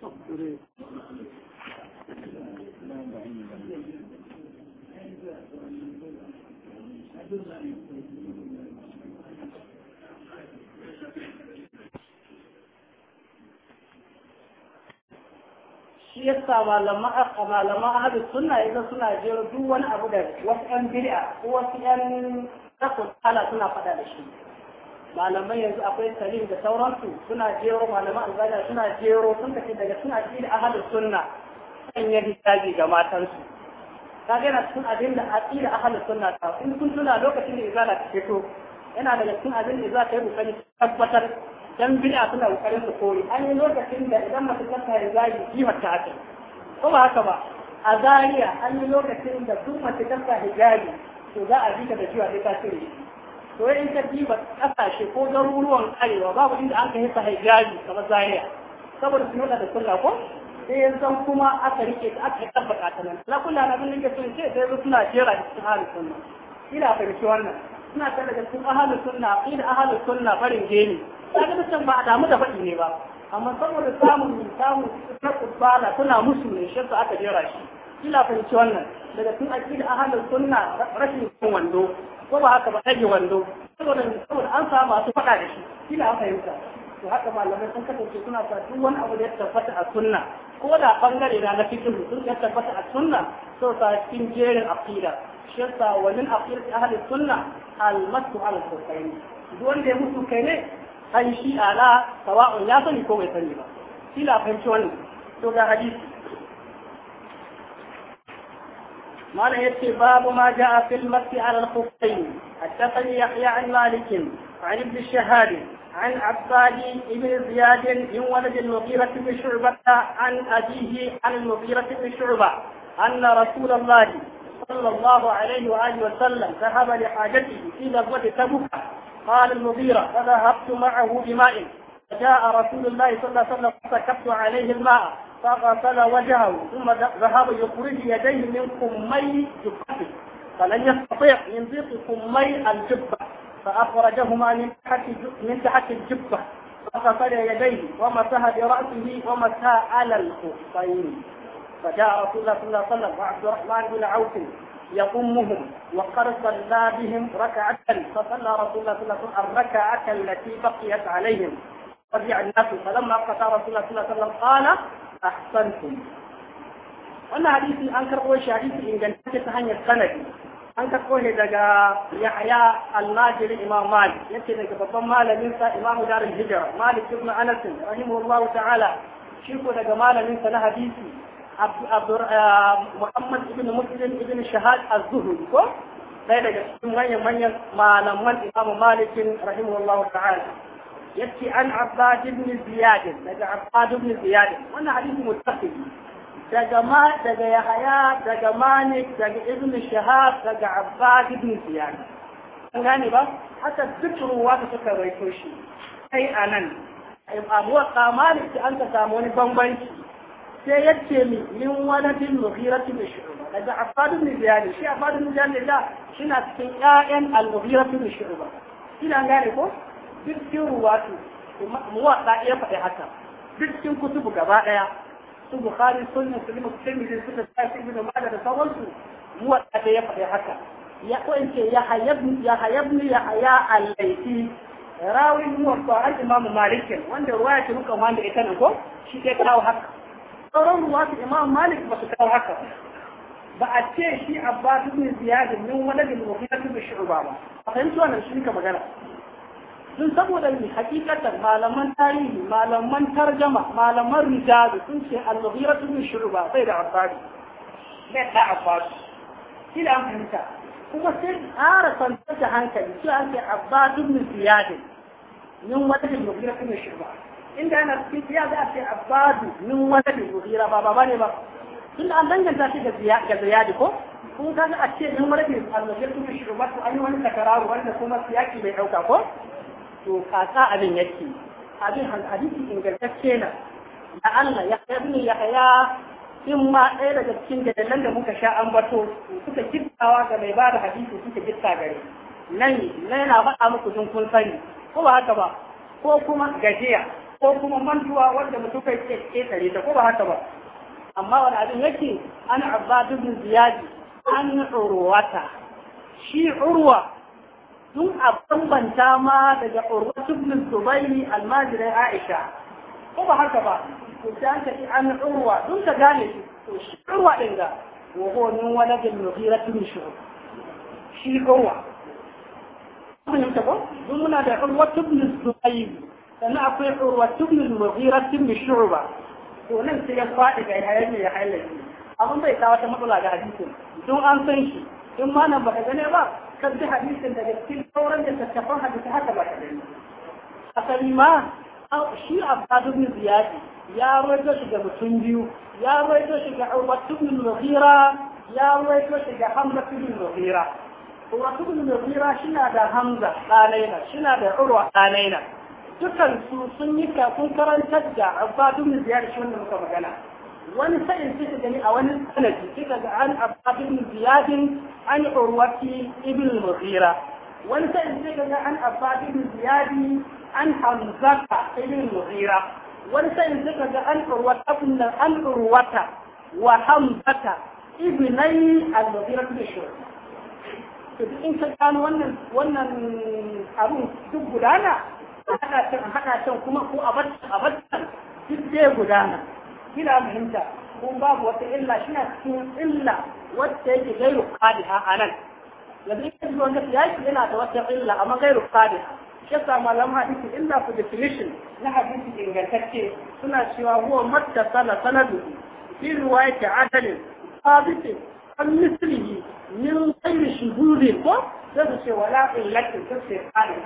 shi yasa malaman malaman ahlus sunna idan suna jera duk wani abu da wasu yan bid'a ko wasu yan hala suna faɗa da shi malamai yanzu akwai salim da sauransu suna jero malaman albaniya suna jero sun kace daga suna cikin ahalus sunna sanya hijabi ga matansu kaga yana cikin abin da aqida ahalus sunna ta in kun tuna lokacin da izala ta fito yana daga cikin abin da za ta yi kokari tabbatar dan bid'a suna kokarin su koyi an yi lokacin da idan ya tsaya ya yi jima ta ta ko ba haka ba a zariya an yi lokacin da duk mace tsaya hijabi to za a bi da jiwa ta tsiri to in ka diba kasashe ko garuruwan arewa babu inda an kai sa hijabi kamar zahiya saboda su nuna da sunna ko sai san kuma aka rike ta aka tabbata ta nan la kullu na bin da sun ce sai suna jera da cikin halin sunna ina fahimci wannan suna kan daga cikin ahalus sunna ila ahalus sunna farin gene. kaga da ba Adamu da faɗi ne ba amma saboda samun samun ta kubbana, suna musu ne shi aka jera shi ila fahimci wannan daga cikin aqida ahalus sunna rashin wando ko ba haka ba yi wando saboda saboda an samu masu faɗa da shi kila an fahimta to haka malamai sun kasance suna sa duk wani abu da ya tabbata a sunna ko da bangare na na fikin sun ya tabbata a sunna so sa cikin jerin aqida shi sa walin aqidati ahli sunna almasu ala kufaini duk wanda ya mutu kai ne an shi ala sawa'un ya sani ko bai sani ba kila fahimci wannan to ga hadisi قال يكفي باب ما جاء في المسح على الخفين حدثني يحيى عن مالك عن ابن الشهاد عن عباد بن زياد من ولد المغيرة بن شعبة عن أبيه عن المغيرة بن شعبة أن رسول الله صلى الله عليه وآله وسلم ذهب لحاجته في غزوة تبوك قال المغيرة فذهبت معه بماء فجاء رسول الله صلى الله عليه وسلم فسكبت عليه الماء فغسل وجهه ثم ذهب يخرج يديه من كمي جبته فلن يستطيع من ضيق كمي الجبة فأخرجهما من تحت من تحت الجبة فغسل يديه ومسح برأسه ومسح على الخفين فجاء رسول الله صلى الله عليه وسلم وعبد الرحمن بن عوف يضمهم وقد صلى بهم ركعة فصلى رسول الله صلى الله عليه وسلم الركعة التي بقيت عليهم رجع الناس فلما قطع رسول الله صلى الله عليه وسلم قال ahsantum wannan hadisi an karɓo shi hadisi ingantacce ta hanyar sanadi an karɓo ne daga Yahya al-Najiri Imam Malik yace daga babban malamin sa Imam Darul Hijra Malik ibn Anas rahimahullahu ta'ala shi ko daga malamin sa na hadisi Muhammad ibn Muslim ibn Shahad az-Zuhri ko sai daga cikin manyan manyan malaman Imam Malik rahimahullahu ta'ala yace an abbad ibn ziyad daga abbad ibn ziyad wannan hadisi muttafaq daga ma daga yahya daga Manik daga ibn shahab daga abbad ibn ziyad an gane ba haka duk ruwa da suka raito shi sai anan abuwa kamalik da an ka samu wani bambanci sai yace mi min waladin mughirati bi shu'ba daga abbad ibn ziyad shi abbad ibn ziyad da shi na cikin ƴaƴan al-mughirati bi shu'ba ina gane ko duk cikin ruwatu muwaɗa ya faɗi haka cikin kutubu gaba ɗaya su bukhari sunna su limu mijin suka sa su ibnu majah da sauransu muwaɗa ya faɗi haka ya ko ya hayabni ya haya al-laiti rawin muwaɗa an imamu malikin wanda ya ce muka wanda ita ne ko shi ke kawo haka sauran ruwatu imamu malik ba su kawo haka ba a ce shi abbas ibn ziyad min wani bin mughira shi ba a fahimci wannan shi ka magana sun saboda ni hakikatan malaman tarihi malaman tarjama malaman rijalu sun ce al-mughira ibn shu'ba sai da afari sai da afari shi da amfanta kuma sai ara santar da hankali shi an ce abbas ibn ziyad min wajen mughira ibn shu'ba inda ana cikin ziyad a ce abbas min wajen mughira ba ba ne ba tun an danganta shi ga ziyad ko kun kaga a ce min wajen al-mughira ibn shu'ba to an yi wani takararu wanda kuma siyaki mai dauka ko to kaka abin yake abin hadisi ingantacce na da Allah ya yi ya haya in ma ɗaya daga cikin dalilan da muka sha an bato suka kiddawa ga mai ba da hadisi suka kidda gare nan na yana faɗa muku sun kun sani ko ba haka ba ko kuma gajiya ko kuma mantuwa wanda mutum kai ke ketare ta ko ba haka ba amma wani abin yake an abba ibn ziyadi an urwata shi urwa tun a bambanta ma daga urwatu ibn zubairi almajirin aisha ko ba haka ba to sai an kaɗi an urwa tun ka gane shi to shi urwa ɗin ga wa huwa min waladin mughira Shi shu'ub shi urwa kun ta ko dun muna da urwatu ibn zubairi sannan akwai urwatu ibn mughira ibn ba. to nan sai ya faɗi ga yayin ya halaye abin bai kawo wata matsala ga hadisin don an san shi in ma nan ba ka gane ba kan bi hadisin daga cikin sauran da tattafan hadisi haka ba ta asali ma shi abbas ibn ziyad ya rawaito shi ga mutum biyu ya rawaito shi ga urwat ibn mughira ya rawaito shi ga hamza ibn mughira urwat ibn mughira shina da hamza danaina shina da urwa danaina dukan su sun yi kafin karantar da abbas ibn ziyad shi wanda muka magana wani sa'in sai ka gani a wani sanadi sai ka ga an abbas ibn an urwati ibn mughira wani sa'in sai ka ga an abbas ibn ziyad an hamzaka ibn mughira wani sa'in sai ka ga an urwata ibn an urwata wa hamzaka ibnai al-mughira ibn shu'ba to duk in ka gano wannan wannan abun duk gudana hada can hada can kuma ko a bar duk dai gudana kina fahimta kun babu wata illa shina cikin illa wata yake gairu qadiha anan yanzu in kaji wanda ya shi yana da wata illa amma gairu qadiha shi yasa malaman hadisi illa ku definition na hadisi ingantacce suna cewa huwa sala sanadu fi riwayati adalin ثابت an مثله min غير شذوذ ko zai ce wala illatin sai qadiha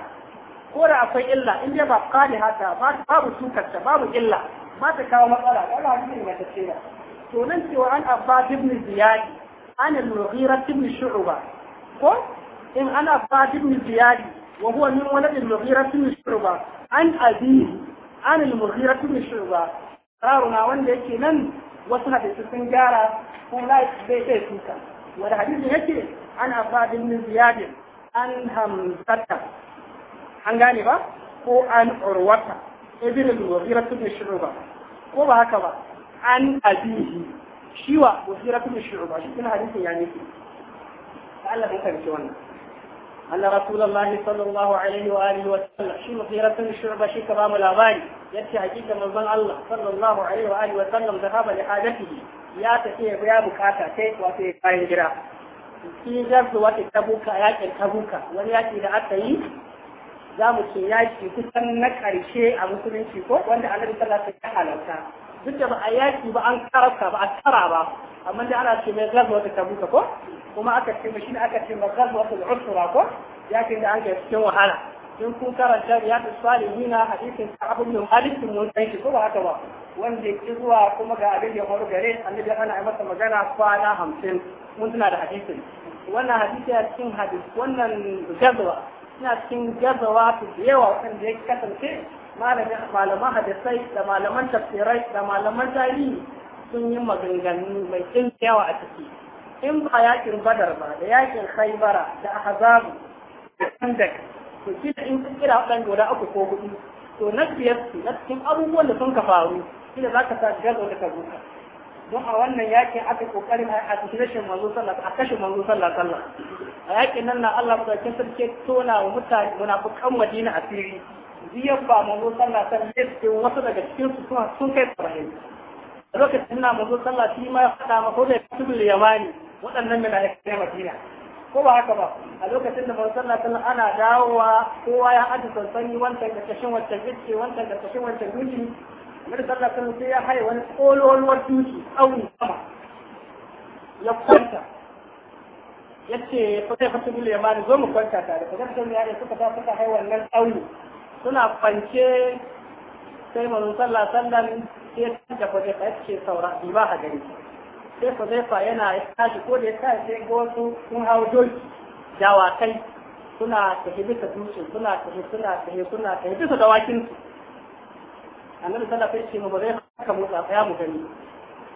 ko da akwai illa in dai ba kali haka, babu tukarta babu illa ba ta kawo matsala ba ba ne mai tafiya to nan cewa an abba ibn ziyadi an al-mughira ibn shu'ba ko in an abba ibn ziyadi wa huwa min walad al-mughira ibn shu'ba an abi an al-mughira ibn shu'ba karuna wanda yake nan wasu hadisi sun gyara ko lai bai sai tuka wanda hadisi yake an abba ibn ziyadi an hamzata an gane ba ko an urwata ibn al-wazira ibn shu'ba ko ba haka ba an abihi shi wa wazira ibn shu'ba shi kuma hadisin ya nufi Allah mun karanta wannan أن رسول الله صلى الله عليه وآله وسلم شي مغيرة الشعبة شي كرام الأباني يبشي حقيقة من ظن الله صلى الله عليه وآله وسلم ذهب لحاجته يا تسير يا بكاتا تيت وفي قائن جراء في جرد وقت تبوك ياك تبوك ولياك إذا أتي za mu ce yaki kusan na ƙarshe a musulunci ko wanda annabi sallallahu alaihi wasallam ya halarta duk da ba a yaki ba an karasa ba a tsara ba amma da ana ce mai gazuwa ta tabuka ko kuma aka ce shi ne aka ce mai gazuwa ta usura ko yakin da an ga cikin wahala in kun karanta ya ta swali nuna hadisin sa'ab ibn malik mun san ko ba haka ba wanda ya zuwa kuma ga abin da ya faru gare annabi ana yi masa magana kwana hamsin mun tuna da hadisin wannan hadisi a cikin hadis wannan gazuwa suna cikin gazawa da yawa waɗanda ya kasance malaman hadisai da malaman tafsirai da malaman tarihi sun yi maganganu mai cin yawa a ciki in ba yakin badar ba da yakin khaibara da ahzabu da kandak to kila in kira waɗanda guda uku ko hudu to na biyar na cikin abubuwan da sun ka faru kila za ka sa gazo da ka zuka don a wannan yakin aka kokarin a kashin manzo sallallahu a kashe manzo sallallahu sallam a yakin nan na Allah madaukakin sarki tona wa mutane munafikan Madina asiri biyar ba manzo sallallahu sallam ne su wasu daga cikin su sun kai saba'in lokacin na manzo sallallahu shi ma ya faɗa ma ko da tubul yamani waɗannan munafikan Madina ko ba haka ba a lokacin da manzon Allah sallallahu ana dawowa kowa ya hada sansani wancan da kashin wancan gicce wancan da kashin wancan duki Nabi sallallahu alaihi wasallam ya haye wani kololuwar tushi tsauni sama ya kwanta ya ce fasai fasai bulu ya mani zo mu kwanta tare fasai fasai ya yi suka ta suka haye wannan tsauni suna kwance sai manzon sallallahu alaihi sai ta da fasai fasai ce saura bi ba ha gari sai fasai fa yana ya tashi ko da ya tashi sai ga wasu sun hau doki dawakai suna tafi bisa dutsen suna tafi suna tafi suna tafi bisa dawakinsu annabi sallallahu alaihi wasallam ba zai haka motsa tsaya mu gani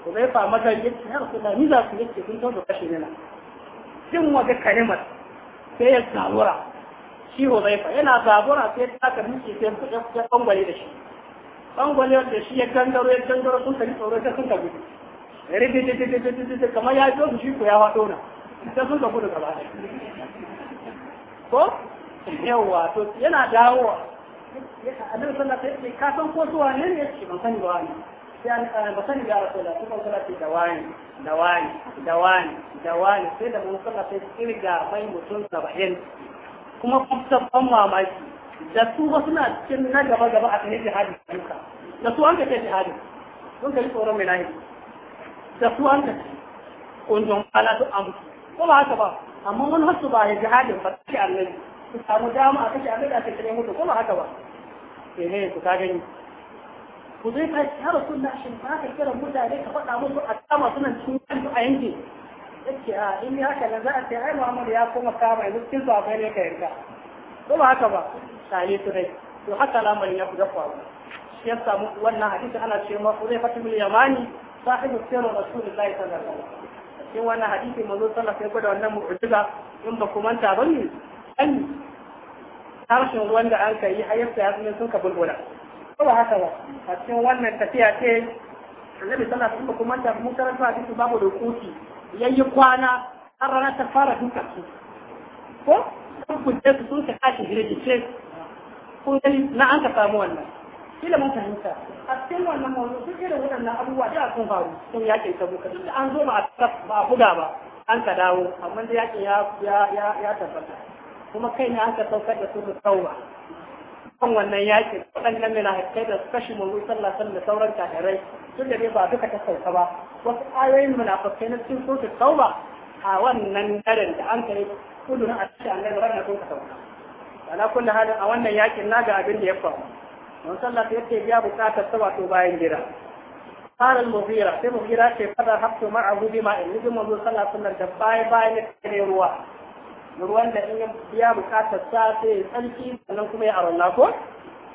ko zai fa maka yace ya rasulullah ni miza su yace kun tawo kashe ne na jin waga kalimar sai ya zabura shi fa. yana zabura sai ta karbi miki sai ya bangwale da shi bangwale da shi ya gangaro ya gangaro sun tafi tsoro sai sun ka gudu ridididididididi kamar ya zo shi ko ya wado na sai sun ka gudu gaba ko yawa to yana dawowa annabi sallallahu alaihi wasallam ka san ko suwa ne ne yace ban sani ba wani sai eh, ba sani ya rasulullah kuma sallallahu alaihi da wani da wani da wani da wani sai da mun sallallahu alaihi kirga mai mutum 70 kuma kusan mamaki da su ba suna cikin na gaba gaba a cikin jihadi duka da su an ka ce jihadi don ka yi tsoron mai nahi da su an ka ce kunjon kala su an ko ba haka ba amma wani hasu ba ya jihadin ba ta ce annabi su samu dama a kashe abin da aka kire mutu kuma haka ba ehe ku ka gani ku zai ka ya rasulullah shin ba ka kira mutane ka faɗa musu a kama sunan cikin a yanke yake a ah, in yi haka nan za a ce ai muhammadu ya koma kama yanzu cikin su akwai ne ka yanka ko ba haka ba tare su dai to haka lamarin ya dafa ba. shi ya samu wannan hadisi ana ce ma ku zai fata mil yamani sahibu sirrin rasulullahi sallallahu alaihi wasallam cikin wannan hadisi manzo Sallah sai wasallam ya gwada wannan mu'jiza in ba ku manta bane ƙanni harshen wanda an ka yi hayarsa ya zama sun ka bulbula ba haka ba a cikin wannan tafiya ce annabi sallallahu alaihi wasallam kuma da mun karanta a cikin babu rukuki yi kwana har rana ta fara duka su ko sun fice su sun ka kashi hirgice kun gani na an ka samu wannan kila mun fahimta a cikin wannan mawzu duk irin waɗannan abubuwa da sun faru sun yake ta buka duk da an zo ma a ba a buga ba an ka dawo amma da yakin ya ya ya tabbata kuma kai ne aka saukar da su tauba kan wannan yaƙi waɗannan munafikai da suka shi mun sallah sallah da sauran kafirai tun da dai ba duka ta sauka ba wasu ayoyin munafikai na cikin su tauba a wannan daren da an kai kudu na asiri an gaba ranar sun ka sauka ala kulle halin a wannan yaƙin na ga abin da ya faru mun sallah ta yake biya buƙatar ta wato bayan gida قال المغيرة في مغيرة في قدر حفظ معه بما إن نجم صلى الله عليه baya تباي باي ruwa. ruwan da in ya bukatar sa sai ya tsarki sannan kuma ya aron ko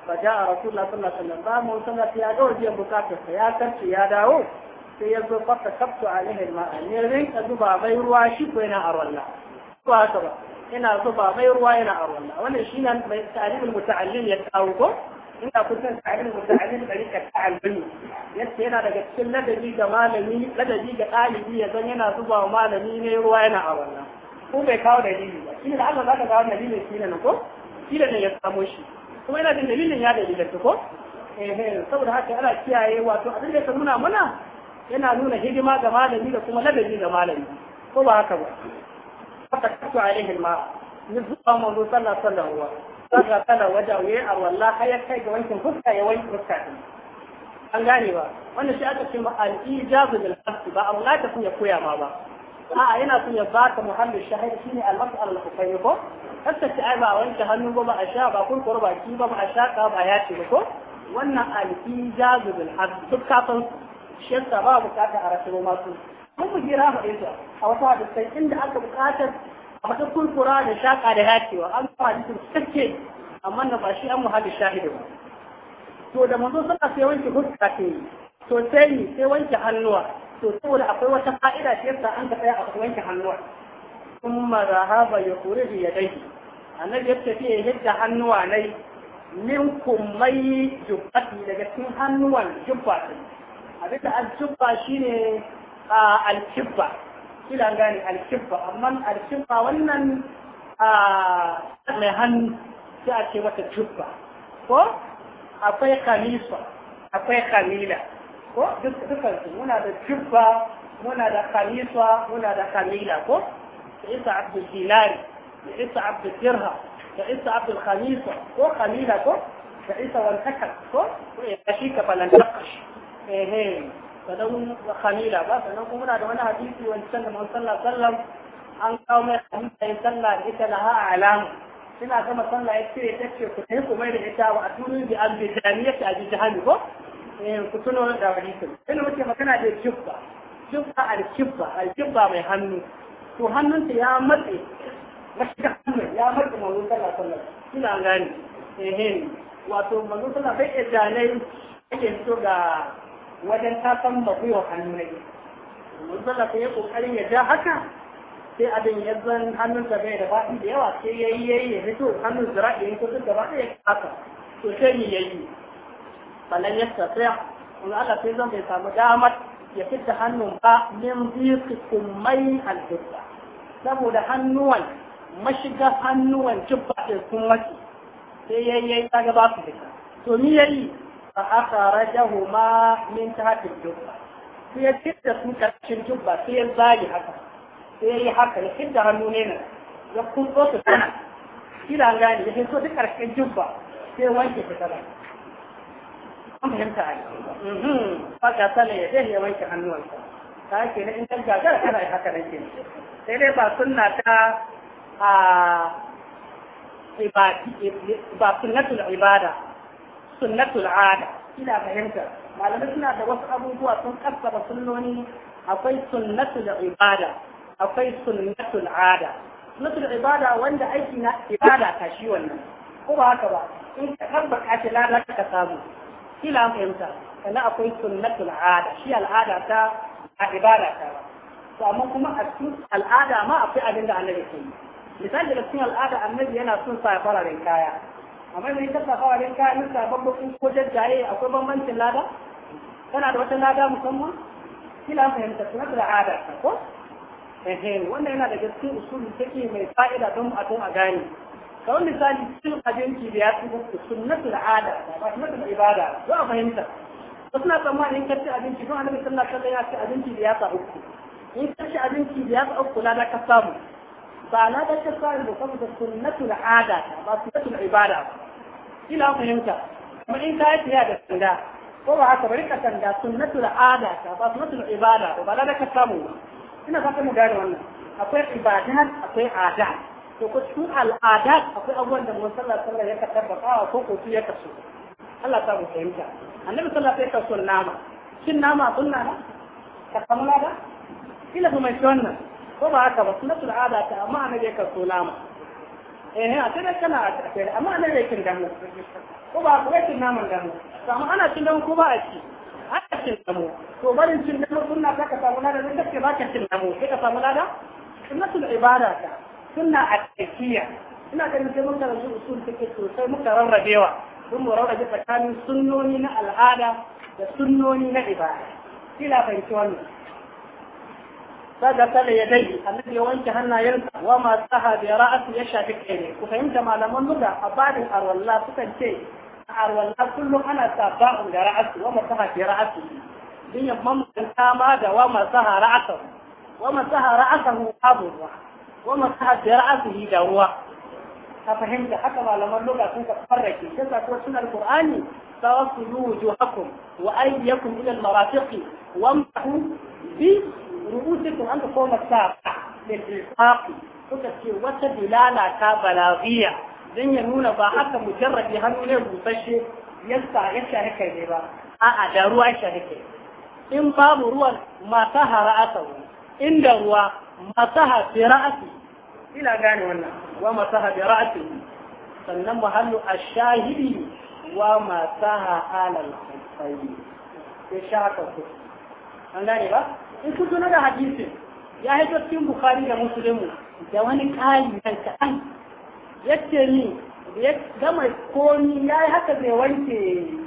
fa a rasulullah sallallahu alaihi wasallam mun sanar ya ga wajen bukatar sa ya karci ya dawo sai ya zo fata kaftu alaihi ma'a ne rinka zuba mai ruwa shi ko yana aron la ko haka ba ina zuba mai ruwa yana aron la wannan nan, mai ta'limul muta'allim ya kawo ko ina kusan tsarin mutane da rika ta albani yadda yana daga cikin ladabi ga malami ladabi ga ɗalibi ya zan yana zuba wa malami ne ruwa yana a ko bai kawo dalili ba shi da Allah zaka kawo dalilin shi ne ko shi da ya samu shi kuma ina jin dalilin ya dalilin ko eh saboda haka ana kiyaye wato abin da muna muna yana nuna hidima ga malami da kuma ladabi ga malami ko ba haka ba haka kasu alaihi ma ni zuwa manzo sallallahu alaihi wa sallam kala wajen waye a wallahi ya kai ga wankin fuska ya wankin fuska an gane ba wannan shi aka ce ma al-ijazu bil ba amma ta kun ya koya ma ba a'a yana son ya baka muhammad shahid shine al-mas'al Kai hufayn ko kasta ta ai ba wanke hannu ba ba a sha ba kun kurba ki ba ba a sha ka ba ya ce ko wannan al-ijazu bil duk kafin shi yasa ba bukata a rasu masu mun mu gira mu dinsa a wasu hadisai inda aka bukatar a mata kurkura da shaka da hakewa an kuma hadisin cikakke amma na ba shi an muhalli shahidu ba to da manzo suna sai wanke huska ke yi to sai ni sai wanke hannuwa to saboda akwai wata fa'ida ce yasa an ka tsaya a wanke hannuwa kuma zahaba ya kore da yadai annabi ya tafi ya yadda hannuwa nai min kumai jubbati daga cikin hannuwan jubba abin da al-jubba shine al-kibba kila gane al-kibba amma al wannan wannan mai hannu sai a ce wata jubba ko akwai kamisa akwai kamila ko dukansu muna da jubba muna da khamisa muna da khamila ko da isa abdul hilali da isa abdul dirha da isa abdul khamisa ko khamila ko da isa wantakar ko ya shi ka falantakar ehe sanan khamila ba sanan kuma muna da wani hadisi wancan da mun sallah sallam an kawo mai hamsa yin sallah da ita laha alamu suna gama sallah ya ce ta ce ku tafi ku mai da ita wa a turin bi an bi jami'a ta bi jahannam ko Eh, ku tuna wani da hadisin sai muke magana da jibba jibba al-jibba al-jibba mai hannu to hannunta ya matse rashin hannu ya matse manzo sallallahu alaihi wasallam kina gani ehem wato manzo sallallahu alaihi wasallam bai ake fito ga wajen tasan bakuyo hannu ne manzo sallallahu alaihi kokarin ya ja haka sai abin ya zan hannunta bai da faɗi da yawa sai yayi yayi ya fito hannun zira'i ne ko duk gaba ɗaya haka to sai ni yayi falan ya tafiya kuma Allah sai zan bai samu damar ya fita hannun ba min biyu kummai alfisa saboda hannuwan mashiga hannuwan jibba ɗin sun mace sai ya yi ta ba su fita to ni ya yi fa aka rajahu ma min tahtin jibba sai ya fita su karkashin jibba sai ya zagi haka sai ya yi haka ya fita hannu ne na ya kunzo su sana kila gani ya fito duk karkashin jibba sai wanke fitala an fahimta a yi faka sallah ya zai ya wanke hannuwansa ta ke na in gaggara kana yi haka nake sai dai ba sunna ta ba sunnatul ibada sunnatul ada ina fahimta malamai suna da wasu abubuwa sun kasaba sunnoni akwai sunnatul ibada akwai sunnatul ada sunnatul ibada wanda aiki na ibada ta shi wannan ko ba haka ba in ka tabbata ta lada ka samu kila an fahimta sannan akwai sunnatul ada shi al'ada ta a ibada ta ba to amma kuma a cikin al'ada ma akwai abin da annabi ke yi misali da cikin al'ada annabi yana son sa fararen kaya amma idan ka sa fararen kaya in sabon bakin ko jajjaye akwai bambancin lada kana da wata lada musamman kila an fahimta sunnatul ada ta ko ehem wannan yana da cikin usuli take mai fa'ida don a don a gane kamar misali cin abinci da ya sun muku da ada ba sunnatul ibada za a fahimta wasu na tsammanin in ka ci abinci don annabi sallallahu alaihi wasallam ya ci abinci da ya sa uku in ka ci abinci da ya sa uku na da ka samu ba na da ka samu ba saboda da ada ba da ibada ila fahimta kuma in ka yi da sanda ko ba haka bari ka sanda da ada ba da ibada ba na da ka samu ina fata mu gane wannan akwai ibada, akwai adat to ko su al'adat akwai abubuwan da mun sallar sallar ya tabbata ko ko ya kasu Allah ta mu fahimta annabi sallar sai ka son nama shin nama sunna na ka samu lada kila kuma shi ko ba haka ba su al'ada ta amma annabi ya kasu nama eh a dai kana a tare amma annabi kin gano ko ba ku kin naman gano to amma ana cin gano ko ba a ci ana cin dan to barin cin dan sunna ka ka samu lada ne kake ba ka cin dan sai ka samu sunna su ibada ta سنة أساسية إن كان يمكن أن نشوف أصول فكرة الخير مكرر ربيوة ثم رأى ربيوة كان سنونينا العادة وسنونينا عبادة إلى فنشوانا فقد قال يدي الذي وانك هنا يلمس وما سهى برأس يشهد كيني وفهمت ما لم نرى أبعد الأرواح لا تكن شيء أرواح لا كل أنا تابع لرأس وما سهى برأس دين ممكن كما هذا وما سهى رأسه وما سهى رأسه أبو الرحمن wa masaha da ra'asihi da ruwa ka fahimta haka malaman lugha sun ka farrake shi sa ko sunan qur'ani tawassulu wujuhakum wa aydiyakum ila al-marafiq wamsahu bi ru'usikum an ko masaha lil ilqaqi suka ce wata dilala ta balaghiya dan ya nuna ba haka mujarrabi hannu ne busasshe yasta ya shahika ne ba a'a da ruwa shahika in babu ruwan ma mata hara'ata inda ruwa masaha bi ra'si ila gane wannan wa masaha bi ra'si sannan mahallu ash-shahidi wa masaha alal khuffayn sai shaka ku an gane ba in ku tuna da hadisi ya hito cikin bukhari da muslimu da wani kali nan kaɗan yace ni ya gama komi ya yi haka zai wanke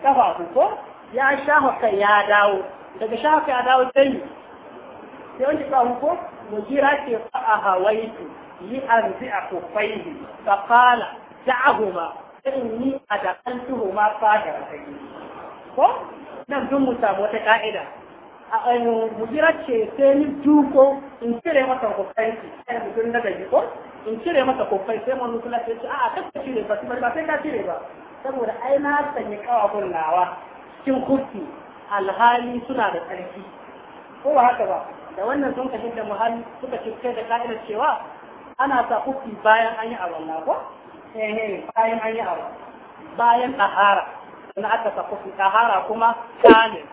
kafa ko ya sha haka ya dawo daga sha haka ya dawo sai sai wanke kafa ko مجيرة فأهويت لأنزع خفيه فقال دعهما إني أدخلتهما Ko nan duk mu samu wata ka'ida a eh, mujira ce sai ni duko in cire masa kofai sai eh, mutum na gaji ko in cire masa kofai sai mun kula sai ce a'a kaka cire ba ba sai ka cire ba saboda ai na sanya kawabun nawa cikin kurki alhali suna da tsarki ko ba haka ba da wannan sun kashin da muhalli suka ce kai da ka'idar cewa ana sa kufi bayan an yi arwalla ko eh bayan an yi arwalla bayan tahara Na aka sa kufi tahara kuma kamil.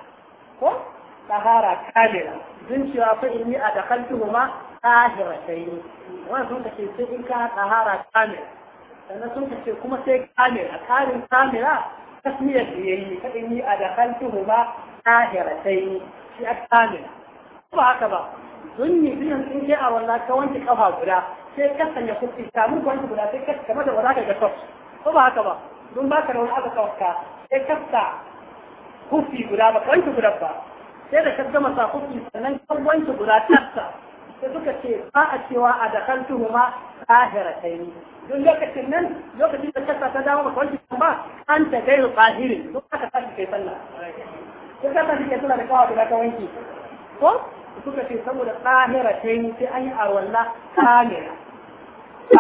ko tahara kamila dun cewa fa inni adakhaltuhuma tahiratayn wannan sun kashin sai in ka tahara kamila sannan sun kashe kuma sai kamila karin kamila tasmiyar da yayi fa inni adakhaltuhuma tahiratayn shi kamila ba haka ba don yi biyan sun ke a wallah ka wanke kafa guda sai ka sanya kuɗi samun wanke guda sai ka kama da wata ka ga sof ko ba haka ba don ba ka da wani aka kawaka sai ka sa kufi guda ba ka wanke guda ba sai da ka gama sa kufi sannan ka wanke guda tasa sai suka ce ba a cewa a da kan tuhuma kahira kai ne don lokacin nan lokacin da kasa ta dawo maka wanke ba an ta gairu don duk aka tashi kai sallah sai ka tashi kai sallah da kawo guda ka wanke ko suka ce saboda tsahira ta yi sai an yi arwalla kamila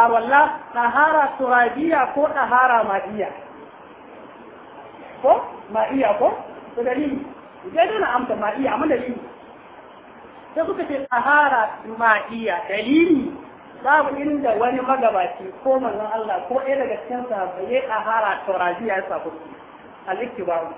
arwalla tsahara turabiya ko tsahara ma'iya ko ma'iya ko da dalili sai dole amsa ma'iya amma dalili sai suka ce tsahara ma'iya dalili babu inda wani magabaci ko manzon Allah ko ɗaya daga cikin sahabbai ya tsahara turabiya ya sa kuɗi al-iktibaru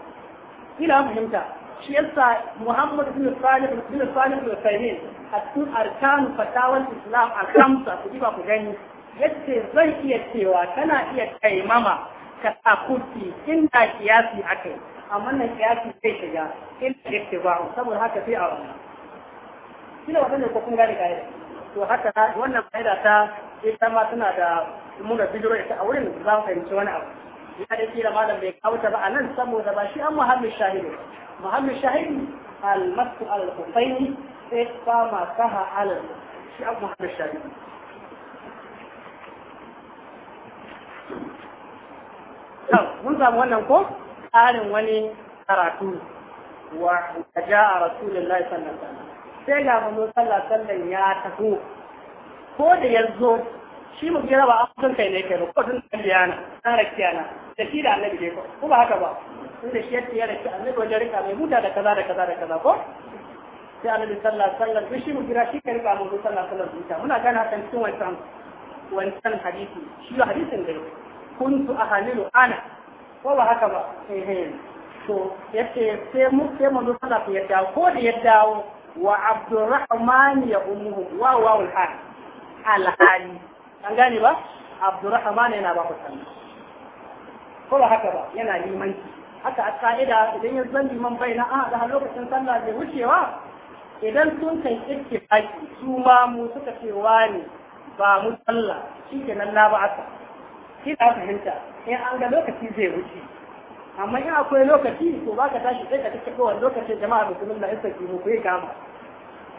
ila fahimta shi yasa Muhammad bin Salih bin Salih bin Saimin a cikin arkan Fatawar Islam a kamsa ku ji ba ku gani Yadda zai iya cewa kana iya kaimama ka takuti inda kiyasi akai amma nan kiyasi zai shiga inda yake ba saboda haka sai a wannan kila wannan ko kun gane kai to haka wannan fa'ida ta ita ma tana da mun da bijiro ita a wurin za mu fahimci wani abu ya da kila malam bai kawo ba a nan saboda ba shi an muhammad shahidu muhammad shahid almasu al-hufaini sai kama kaha alal shi abu muhammad shahid mun samu wannan ko Tsarin wani karatu wa ja a rasulullahi sallallahu alaihi sai ga manzo sallallahu sallan ya taho ko da ya zo shi mu kira ba a kai ne kai ba ko tun da yana na rakiya na da shi da annabi dai ko ba haka ba tunda shi yadda ya rasu annabi wajen rika mai huta da kaza da kaza da kaza ko sai annabi sallallahu alaihi wasallam shi mu kira shi ka rika mu sallallahu alaihi wasallam muna gana kan cikin wancan wancan hadisi shi hadisin gari kuntu ahalilu ana ko ba haka ba eh to yace sai mu sai mu sallallahu ya dawo ko da ya dawo wa abdurrahman ya ummuhu wa wa al-hal al-hali an gane ba abdurrahman yana ba ku sallah ko ba haka ba yana limanci haka a ka'ida idan ya zan liman bai na a da lokacin sallah bai wucewa idan sun kai baki su ma mu suka ce wani ba mu sallah shi ke nan na ba aka shi da fahimta in an ga lokaci zai wuce amma in akwai lokaci to ba ka tashi sai ka take wani lokacin jama'a da musulmin da isa mu ko ya kama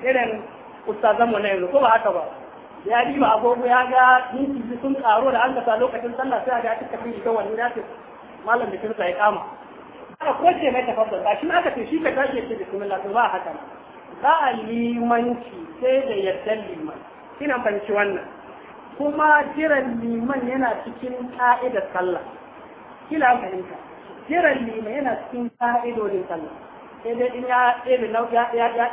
irin ustazan mu na yanzu ko ba haka ba ya yi ba agogo ya ga minti sun karo da an kasa lokacin sallah sai a ga cikin ta wani ya ce malam da kirsa ya kama ana kwace mai tafaddar ba shi aka ce shi ka tashi ce bismillah to ba haka ba a limanci sai da yaddan liman kina fanci wannan kuma jiran liman yana cikin ka'idar sallah kila fahimta jiran liman yana cikin ka'idodin sallah sai dai in ya ɗebe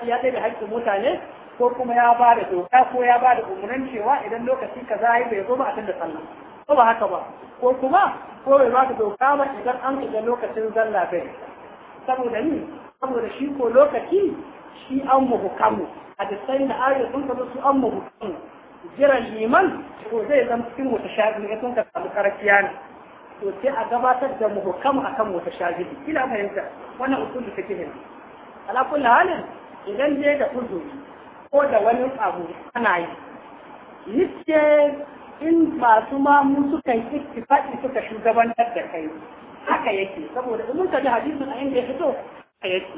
ya ɗebe haƙƙin mutane ko kuma ya ba da doka ko ya ba da umarnin cewa idan lokaci kaza ya bai zo ba a da sallah ko ba haka ba ko kuma ko bai ba ka doka ba idan an kaga lokacin zalla bai saboda ni saboda shi ko lokaci shi an mu hukamu a da sai na ayo sun kaza su an mu hukamu jiran liman ko zai zan cikin wata shafi ne sun ka samu karakiya ne to sai a gabatar da mu hukamu akan wata shafi kila fahimta wannan usul da take ne ala kullu halin idan je da uzuri ko da wani abu ana yi nice in masu mamu sukan ittifaqi suka shugabantar da kai haka yake saboda in ka ji hadisin a inda ya fito haka yake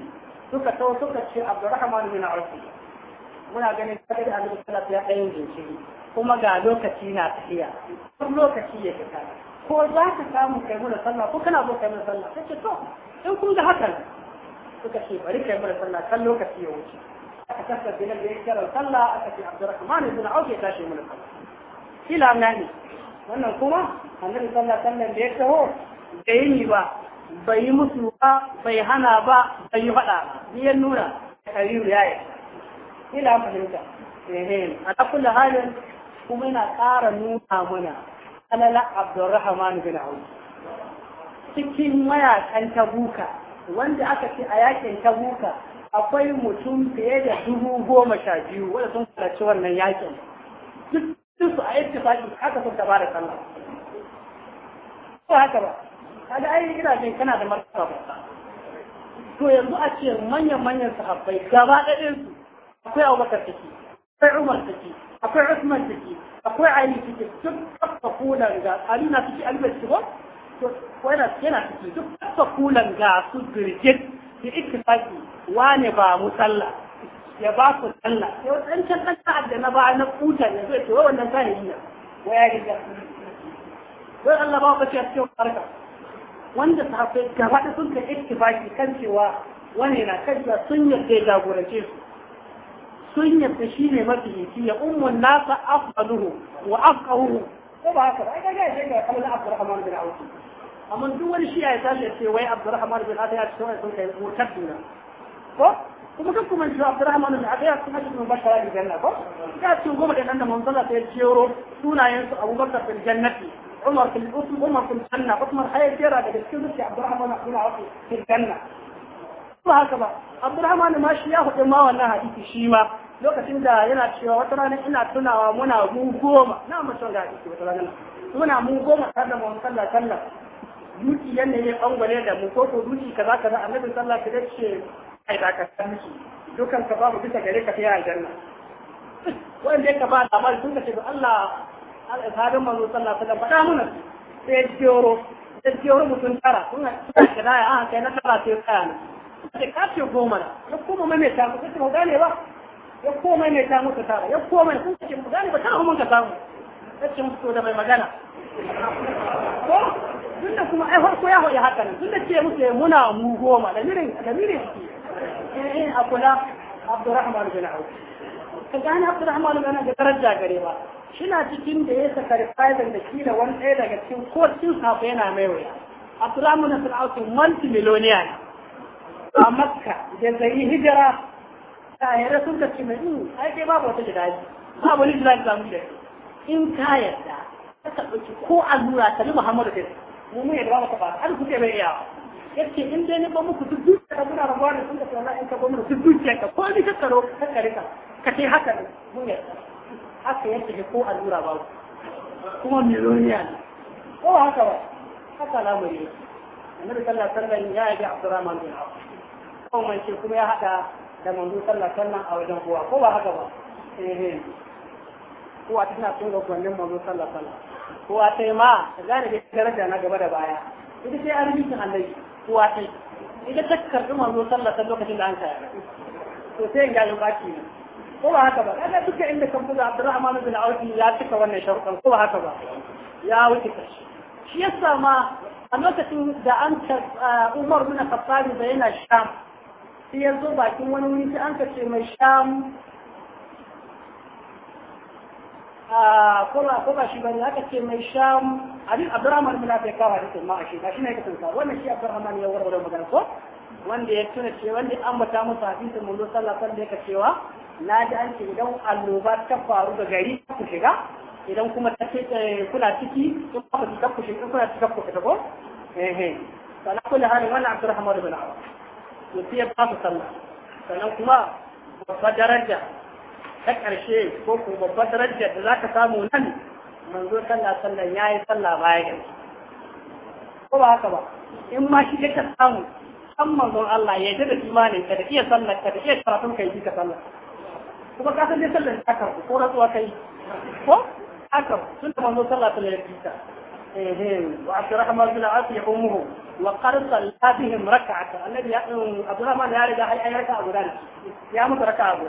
suka tawo suka ce Abdurrahman bin Auf muna ganin kada da Annabi sallallahu ya ɗayan jinkiri kuma ga lokaci na tafiya kuma lokaci ya fita ko za ka samu kai mu da sallah ko kana zo kai mu da sallah ce to in kun ga hakan suka ce bari kai mu da sallah kan lokaci ya wuce aka tafi da ya kira sallah aka ce Abdurrahman bin Auf ya tashi mu da sallah kila gane wannan kuma annabi sallallahu alaihi wasallam da ya taho bai yi ba bai yi musu ba bai hana ba bai yi faɗa ba ni ya nuna kariru ya yi kila fahimta ehem ala kulli halin kuma yana ƙara nuna mana alala abdurrahman bin awu cikin mayakan tabuka wanda aka ce a yakin tabuka akwai mutum fiye da dubu goma sha biyu wanda sun halarci wannan yakin duk su a yadda faɗi haka sun da sallah ko haka ba kaga ai ina jin kana da martaba to yanzu a ce manyan manyan sahabbai gaba ɗayan akwai Abubakar take akwai Umar take akwai Usman take akwai Ali take duk kafa kulan ga Ali na take Ali bai ba yana yana take duk kafa kulan ga su girgin da iktifaki wane ba musalla ya ba ku sallah sai wani can sa'ad da na ba na kuta ne zai ce wai wannan sa ne waya riga wai Allah ba ku ce cikin barka wanda sahabbai gaba da sun ka ittifaki kan cewa wani na kanta sun yarda ya jagorance su sun yarda shi ne mafi yaki ya ummun nasa afdaluhu wa afqahuhu ko ba haka ai kaga sai ga kamar Abdurrahman bin Auf amma duk wani shi ya tashi ya ce wai Abdurrahman bin Auf ya ce wai sun kai mutaddu ko kuma kan kuma shi Abdurrahman bin Abi ya kuma cikin bashara da janna ko ga su goma da nan da manzon Allah ya cero sunayen su Abubakar fil jannati Umar fil usm Umar fil janna Umar hayya daga cikin su Abdurrahman bin Abi fil janna ba haka ba Abdurrahman ma shi ya hudu ma wannan hadisi shi ma lokacin da yana cewa wata rana ina tunawa muna mu goma na mutum ga hadisi wata rana muna mu goma kada mu sallah sallah duki yanne ne bangare da mu ko ko duki kaza kaza annabi sallallahu alaihi wasallam ya ce kai da ka san su dukan ka babu bisa gare ka fiye aljanna wanda ka ba ka ce Allah al-sahabin manzo sallallahu alaihi wasallam faɗa mana sai jiyoro sai jiyoro mutum tara sun ka kira ya kai na tara sai kaya ne sai ka ce goma na ya koma mai mai tamu sai mu gane ba ya koma mai ta ka tara ya koma mai sun ce mu gane ba kana mun ka samu sai mu fito da mai magana ko tunda kuma ai farko ya hoye haka ne tunda ce eh, muna mu goma da mirin da mirin in a kula Abdurrahman bin Auf ka gane Abdurrahman bin Auf da daraja gare ba shina cikin da ya saka faizan da kila wani ɗaya daga cikin ko cikin safa yana mai wuya Abdurrahman bin Auf multi millionaire a Makka da zai hijira ta yare sun ka ce mai ai ke babu wata gidaje babu wani gidaje za mu da in ka yarda ka ɗauki ko allura ta bi Muhammadu kai mu mu yarda ba ka ba har kuke bai iyawa yace in dai ni ba muku duk da muna rabuwa da sun da sallah in ka gwamna mu duk dukiya ka ko ni ka karo ka kare ka ka ce haka ne mun yarda haka yake ko allura ba kuma miliyoniya ne ko haka ba haka lamari annabi sallallahu alaihi wasallam ya yi Abdurrahman bin Auf ko mai ce kuma ya hada da manzo sallallahu alaihi wasallam a wajen kowa ko ba haka ba eh, eh. a tana tun ga wannan manzo sallallahu alaihi wasallam kowa sai ma gane da daraja na gaba da baya ita sai an rubuta annabi kowa idan ta karbi manzo sallah lokacin da an kaya to sai in ga baki ne ko ba haka ba kaga duka inda kan buga Abdurrahman bin Auf ya cika wannan sharuɗan ko ba haka ba ya wuce kashi shi yasa ma a lokacin da an Umar bin Khattab da yana Sham sai ya zo bakin wani wuri sai an kace mai Sham kuma kuma shi bane aka ce mai sham abin abdurrahman bin afi kawo hadisin ma shi ba shi ne ka tunsa wannan shi abdurrahman ya warware magana ko wanda ya tuna ce wanda an bata musu hadisin mun sallallahu alaihi wasallam da yake cewa na ji an ce idan annoba ta faru ga gari ku shiga idan kuma ta ce eh, kuna ciki in ba ku shiga ku shiga kuna ciki ku fita ko eh eh sana kullu halin wannan abdurrahman bin afi to sai ya ba su sallah sannan kuma babbar daraja ta ƙarshe ko kuma babbar darajar da za ka samu nan manzo sallah sallan ya yi sallah baya ga ko ba haka ba in ma shi ka samu kan manzon Allah ya da imanin ka da iya sallar ka da iya karatun ka yi ka sallar kuma ka san dai sallar ta karbu ko rantsuwa kai ko haka sun da manzon sallah ta ya fita وعبد الرحمن بن عاص يقومه وقد صلى بهم ركعة الذي عبد الرحمن يا رجال أي ركعة أبو يا مت ركعة أبو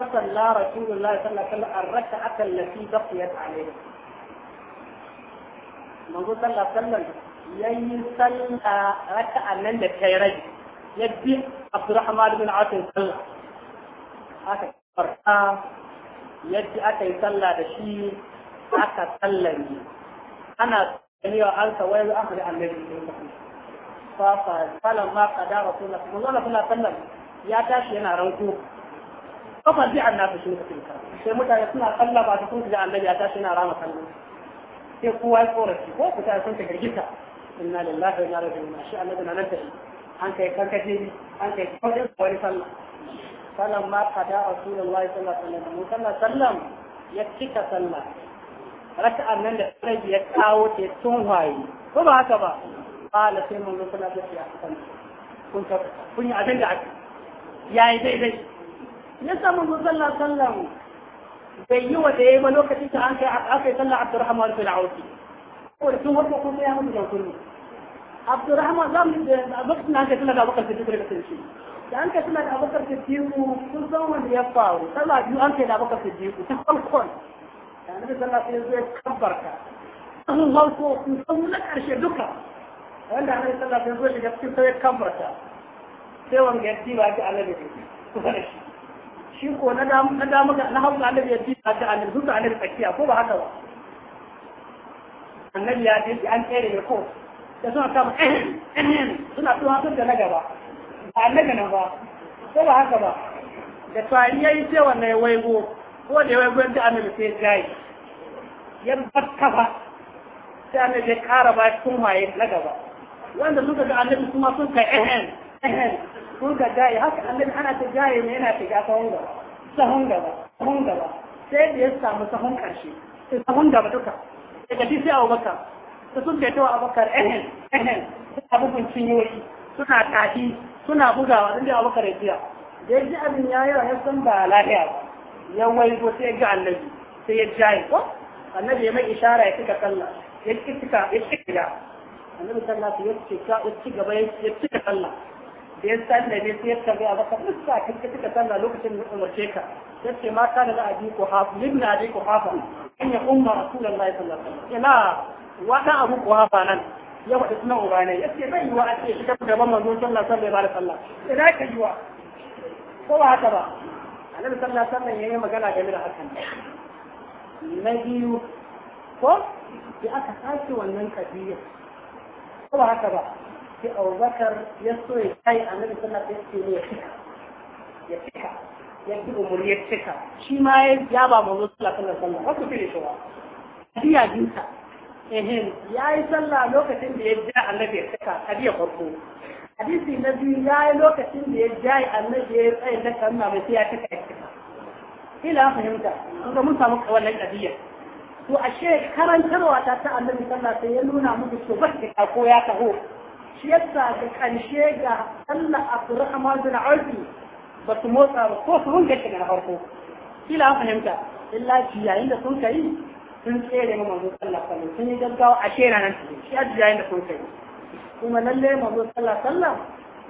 فصلى رسول الله صلى الله عليه وسلم الركعه التي بقيت عليه manzo sallallahu alaihi wasallam yayi sallah raka'an nan da kai rai yaddi Abdurrahman bin Auf sallah aka farka yadda aka yi sallah da shi aka sallami ana tsayewa an sawai an da annabi fa fa falan ma qada rasulullah sallallahu alaihi wasallam ya tashi yana rauko kafa ji an nafi shi lokacin ka sai mutane suna kalla ba ta kunta da annabi a tashi na rama kallon sai kowa ya tsoraci ko ku ta sun ta girgita inna lillahi wa inna ilaihi raji'un shi annabi na nan tafi an kai karkace an kai kawai wani sallah sallan ma kada rasulullahi sallallahu alaihi wa sallam. alaihi wasallam ya cika sallah raka'an nan da rabi ya kawo ta tun waye ko ba haka ba qala sai mun sallallahu alaihi wasallam kun ta kun yi abin da ake yayi daidai yasa manzo sallallahu alaihi wasallam bai yi wa da ba lokacin da an kai aka yi sallah Abdurrahman bin Auf ko da tun wata kuma ya mutu da kullu Abdurrahman zam da lokacin da an kai sallah da Abubakar Siddiq da kanshi da an kai sallah da Abubakar Siddiq sun san wanda ya faru sallah biyu an kai da Abubakar Siddiq ta farkon da Annabi sallallahu alaihi wasallam ya kabbarka sun farko sun san na karshe duka wanda Annabi sallallahu alaihi wasallam ya shiga cikin sai kabbarka sai wanga ya tiba ji Annabi kusa da shi shi ko na damu na damu na hausa annabi ya ci ta annabi su annabi tsakiya ko ba haka ba annabi ya ce an tsere ne ko da suna kama eh, eh, eh, suna tuhatar da na gaba ba annabi nan ba ko ba haka ba da tsari ya yi ce na ya waigo ko da ya waigo yadda annabi sai jayi ya barka ba sai annabi ya kara ba sun waye na gaba wanda suka ga annabi kuma sun kai ehen ehen sun ka jaye haka annabi ana ta jaye ne yana shiga sahun gaba sahun gaba sahun gaba sai da ya samu sahun karshe sai sahun gaba duka daga ji sai bakar da sun kai tawa abubakar ehen ehen abubuwan cinyoyi suna tafi suna bugawa don da bakar ya jiya da ya ji abin ya yi ya san ba lahiya ba ya waigo sai ya ga annabi sai ya jaye ko annabi ya mai ishara ya cika sallah ya cika ya cika annabi sallah ya cika ya cika ya cika sallah da ya sallame sai ya tambaya maka musa kan ka tuka sallah lokacin da sheka ka yace ma kana da abi ko hafu libna abin ko hafa in ya umma rasulullahi sallallahu alaihi wasallam ina wata abu ko hafa nan ya faɗi sunan ubane yace yi wa a ce shiga gaban manzon sallah sallallahu alaihi wasallam ina ka wa ko ba haka ba annabi sallallahu alaihi wasallam yayi magana game da hakan na biyu ko ya aka sace wannan kadiyar ko ba haka ba si abu bakar ya so ya kai a nan sana ta yake ne ya cika ya ki umar ya cika shi ma ya ba mu zo sallah sallah sallah ba ku fili shi ba hadiya dinka ehem ya yi sallah lokacin da ya ja annabi ya cika hadiya farko hadisi na biyu ya yi lokacin da ya ja annabi ya tsaya da kan mamai sai ya cika ya cika ila an fahimta an ga mun samu wannan hadiya to ashe karantarwa ta ta annabi sallah sai ya nuna muku to ba ka ko ya taho shi yasa ga ƙarshe ga Allah Abdurrahman bin Auf ba su motsa ba ko su runga shi na farko kila an fahimta illa shi yayin da sun kai sun tsere ma manzo sallallahu alaihi sun yi gaggawa a shera nan shi a yayin da sun kai kuma lalle manzo Sallah Sallah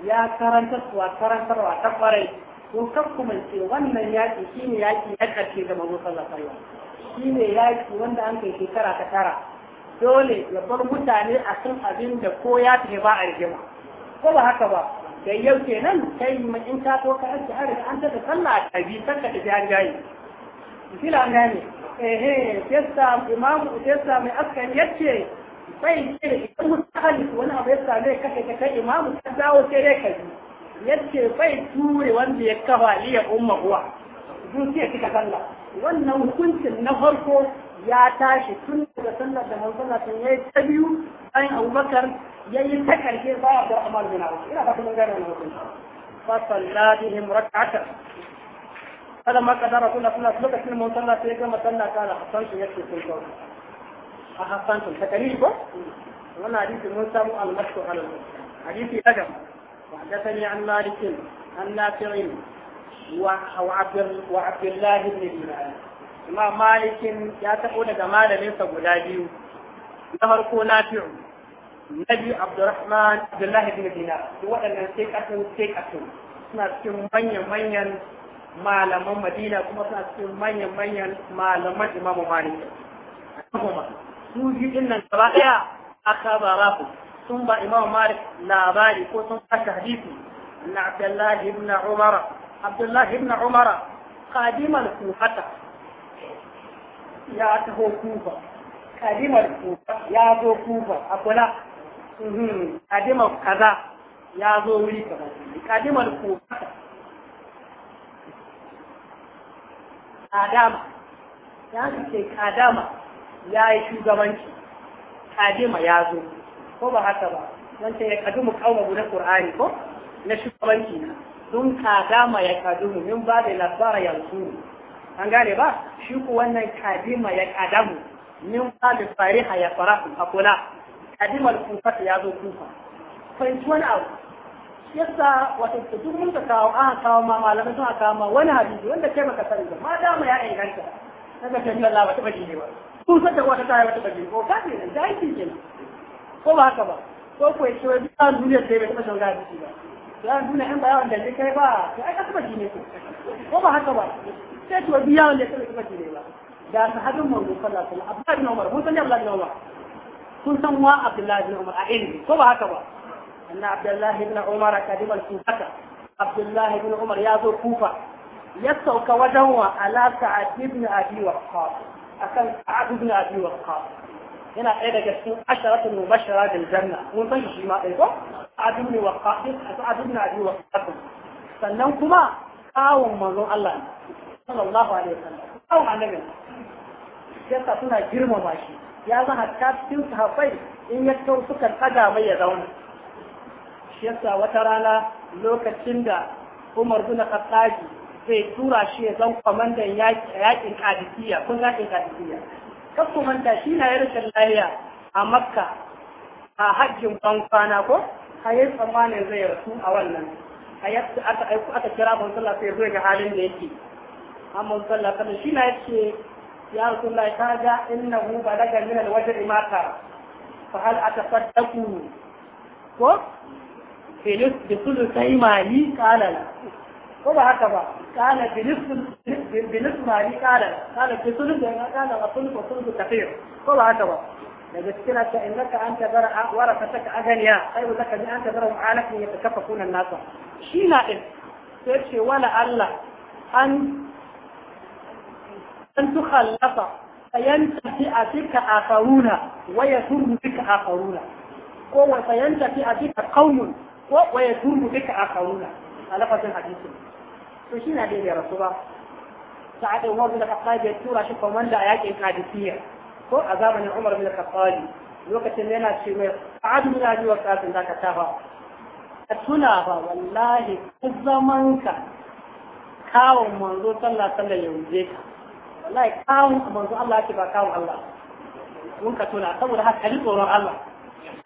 ya karanta suwa karantarwa ta kwarai ko kan kuma ce wannan yaki shine yaƙi na karshe ga manzo Sallah, alaihi shine yaƙi wanda an kai shekara ta tara dole ya bar mutane a kan abin da ko ya tafi ba a rigima ko ba haka ba da yau kenan kai ma in ka to ka ajiye har an ta sallah a bi saka da an gayi kila an gane eh eh yasa imam yasa mai askan yace bai ce idan mutahali wani abu ya same ka kai kai imam ka dawo sai dai ka ji yace bai ture wanda ya kafa liya umma uwa duk sai kika sallah wannan hukuncin na farko ya tashi tun daga sallar da manzon Allah ya yi ta biyu bayan Abubakar ya yi ta karshe ba a bar Umar bin Affan ina ba kuma gane wannan hukunci fa sallatihim rak'atan kada ma kadara kullu kullu lokacin manzon Allah sai ga masalla kana hasan su yake sun kawo a hasan sun ta kali ko wannan hadisi mun samu al-masku halal hadisi daga وحدثني عن مالك عن نافع وعبد الله بن دينار imam malikin ya taɓo daga malaminsa guda biyu na farko nafi'u na biyu abdurrahman abdullahi bin dinar duk waɗannan sai ƙasin sai ƙasin suna cikin manyan-manyan malaman madina kuma suna cikin manyan-manyan malaman imamu malik kuma su biyu ɗin nan gaba ɗaya a kaba ku sun ba imamu malik labari ko sun ba hadisi na abdullahi ibn Umar. abdullahi ibn umara qadimal kufata ya taho kufa kalimar kufa ya zo kufa a kula mhm. kalimar kaza ya zo wuri kamar kalimar kufa kadama ya ce kadama ya yi shugabanci kadima ya zo ko ba haka ba wancan ya kadumu kawo na Kur'ani ko na shugabanci na dun kadama ya kadumu min ba da labara yanzu an gane ba shi ku wannan kadima ya kadamu min ba da fariha ya farahu akula kadima al-kufa ya zo kufa fahimci wani abu yasa wato duk mun ka kawo an kawo ma malamai sun kawo ma wani hadisi wanda kai maka sani ba ma dama ya inganta daga kai Allah ba ta baji ne ba kun sanda wata ta wata ta ko ka ne da yake kenan ko ba haka ba ko ko shi wani duniya duniya sai bai taba shan gadi ba dan duniya in ba yawan da kai ba sai aka asaba ne ko ba haka ba sai kuma biya wanda ya kalla ne ba da sahabin manzo sallallahu alaihi wasallam Abdullahi bin Umar mun san Abdullahi bin Umar sun san wa Abdullahi bin Umar a ilmi ko ba haka ba anna Abdullahi bin Umar kadima al-Kufata Abdullahi bin Umar ya zo Kufa ya sauka wajen wa ala Sa'ad ibn Abi Waqqas akan Sa'ad ibn Abi Waqqas yana ɗaya daga cikin asharatul mubashara bil janna mun san shi ma ɗaya ko Sa'ad ibn Waqqas Sa'ad ibn Abi Waqqas sannan kuma kawun manzon Allah ne sallallahu alaihi wasallam kawo annabin yasa suna girmama shi ya zan hatta cikin sahabbai in ya tau suka tsaga mai ya zauna shi yasa wata rana lokacin da Umar bin Khattabi zai tura shi ya zan kwamandan yakin Qadisiyya kun yakin Qadisiyya kan kumanta shi na ya rashin lahiya a Makka a hajjin kwana ko a yi tsammanin zai rasu a wannan a yadda aka aiko aka kira ban sallah sai zai ga halin da yake amma sallah kada shi na yace ya rasulullahi kaga innahu balaga min alwajhi ma tara fa hal atasaddaqu ko filis bi sulusai mali qala ko ba haka ba qala filis bilis mali qala qala bi sulus da qala wa sulus wa sulus kafir ko ba haka ba daga cikin ta innaka anta bara warasataka aganiya sai zaka ni anta bara alakin yatakaffafuna an-nasa shi na din sai ce wala Allah an أن تخلص فينتفئ بك آخرون ويسر بك آخرون وسينتفئ بك قوم ويسر بك آخرون على قد الحديث فشين هذه يا رسول الله سعد عمر بن الخطاب يتورا شي كوماندا دعيات قادسيه هو a zamanin Umar bin Khattab lokacin yana ce سعد sa'ad bin Abi Waqqas da ka tafa ka tuna ba wallahi zaman الله kawon manzo sallah sallah wallahi kawun manzo Allah yake ba kawun Allah mun ka tona saboda haka kalli tsoron Allah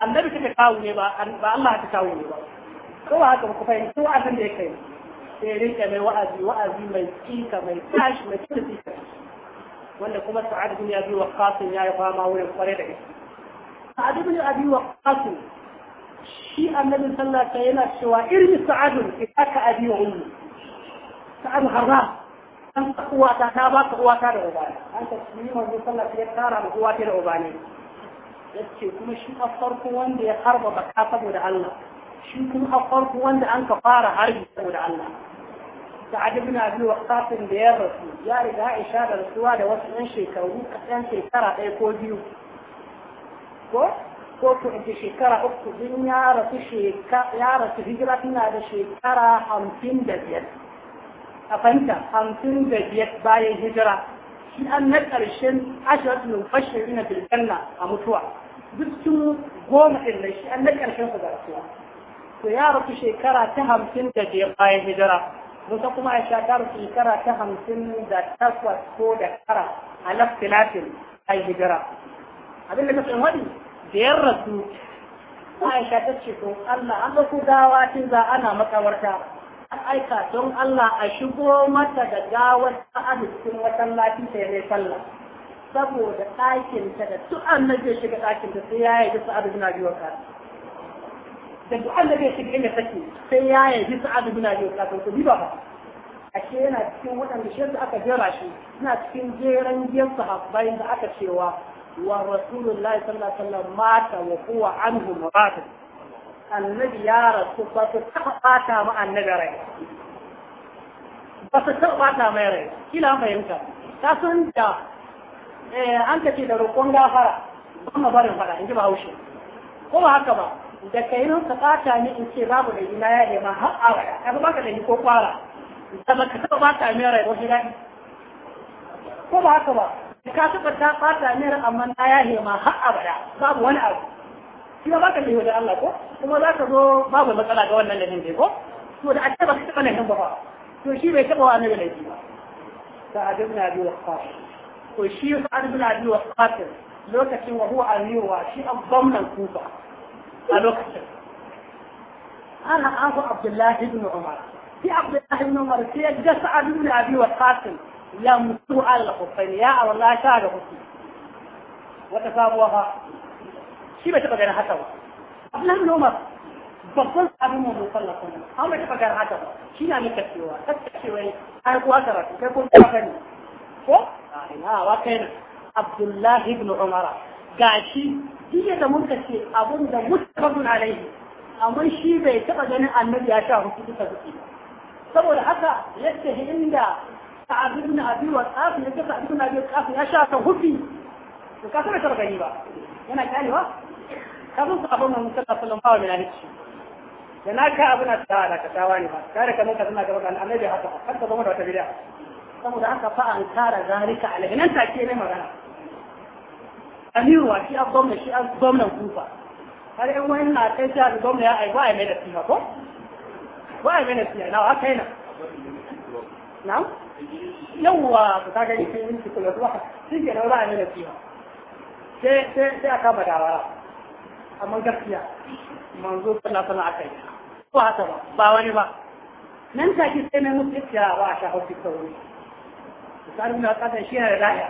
annabi kake kawu ne ba ba Allah ta kawu ne ba ko ba haka ku fahimci wa'azin da yake sai rinka mai wa'azi wa'azi mai tsika, mai tashi mai tsika wanda kuma sa'ad bin abi waqqas ya yi fama wurin kware da gaske sa'ad bin abi waqqas shi annabi sallallahu alaihi wasallam yana cewa irmi sa'adun idaka abi wa ummi sa'ad harra an ka uwata ta ba ka uwata da ubani, an ka ci yi manzo sallah ya tara da uwata da ubani. ne yace kuma shi a farko wanda ya harba baka saboda Allah shi kuma a farko wanda an ka fara harbi saboda Allah da biyu abin waqafin da ya rasu ya riga Aisha da rasuwa da wasu ɗan shekaru kaɗan shekara ɗaya ko biyu ko ko ku da shekara uku din ya rasu shekara ya rasu hijira tana da shekara hamsin da biyar a fahimta hamsin da biyar bayan hijira shi an na ƙarshen ashirat min fashirin na bilkanna a mutuwa duk sun goma ɗin nan shi an na ƙarshen su garkuwa to ya rasu shekara ta hamsin da biyar bayan hijira musa kuma ya ta rasu shekara ta hamsin da takwas ko da tara a laftilafin bayan hijira abin da kasu in waɗi da ya rasu Aisha ta ce to Allah an ga ku gawa tun za ana makawarta ta aika don Allah a shigo mata da gawar sa'adu cikin masallaci sai mai sallah saboda ɗakin ta da duk annabi ya shiga ɗakin ta sai ya yi sa'adu bin abi waqas da duk annabi ya shiga inda take sai ya yi sa'adu bin abi waqas to bi ba ashe yana cikin waɗanda shi aka jera shi suna cikin jeran jiyan sahabbai da aka cewa wa rasulullahi sallallahu alaihi wasallam mata wa huwa anhu muradun annabi ya rasu ba su taɓa ɓata ma annabi rai ba su taɓa ɓata mai rai kila fahimta ta sun da eh, an ka da roƙon gafara ba ma barin faɗa in ji ba haushe ko ba haka ba da kai nan ka ɓata ni in ce babu da ina ya nema har abada ka ba ka da ni ko kwara da ba ka taɓa ɓata mai rai ba shi ko ba haka ba ka taɓa ta ɓata mai rai amma na ya nema har abada babu wani abu shi ba ka lihu da Allah ko kuma za ka zo babu matsala ga wannan lahin bai ko to da aka ba ka taba lahin ba to shi bai taba wa annabi laifi ba sa'ad ibn abi waqqas to shi sa'ad ibn abi waqqas lokacin wa huwa amira shi an gwamnan kufa a lokacin ana abu abdullahi ibn umar في عبد الله بن عمر في جسع بن ابي وقاص يمسو على الخفين يا الله شاهد خفين وتسابوها shi bai taɓa ganin haka ba Abdullahi Umar babban abin mu sallah sallah an bai taɓa ganin haka ba shi na muka cewa kakkacewa ai kuwa karatu kai kun kuma gani ko ina wa kai nan Abdullahi ibn Umar gashi jiya da muka ce abun da mutafakun alaihi amma shi bai taɓa ganin annabi ya sha hukuku ta zuki saboda haka yadda inda sa'ad ibn abi waqas yadda sa'ad ibn abi waqas ya sha ta hukuki to ka sanar gani ba yana kyalewa kafin su abin mai sallallahu alaihi wasallam mina hicci da na ka abin da da ka tawa ne ba kare kamar ka zama da annabi haka har ka zama da wata bid'a saboda haka fa an kara zalika alaihi nan take ne magana amiru shi abdom shi abdom nan kufa har in wani na kai shi abdom ya aiki ba mai da siya ko ba mai da siya na haka yana na'am yawwa ku ta gani kin shi kula da haka shi ke da ba ai mai da siya? sai a kama da wara amma gaskiya manzo sallallahu alaihi aka yi ko haka ba ba wani ba nan take sai mai musu ya ba a shafa fi sauri misali mun ka shi yana da rahiya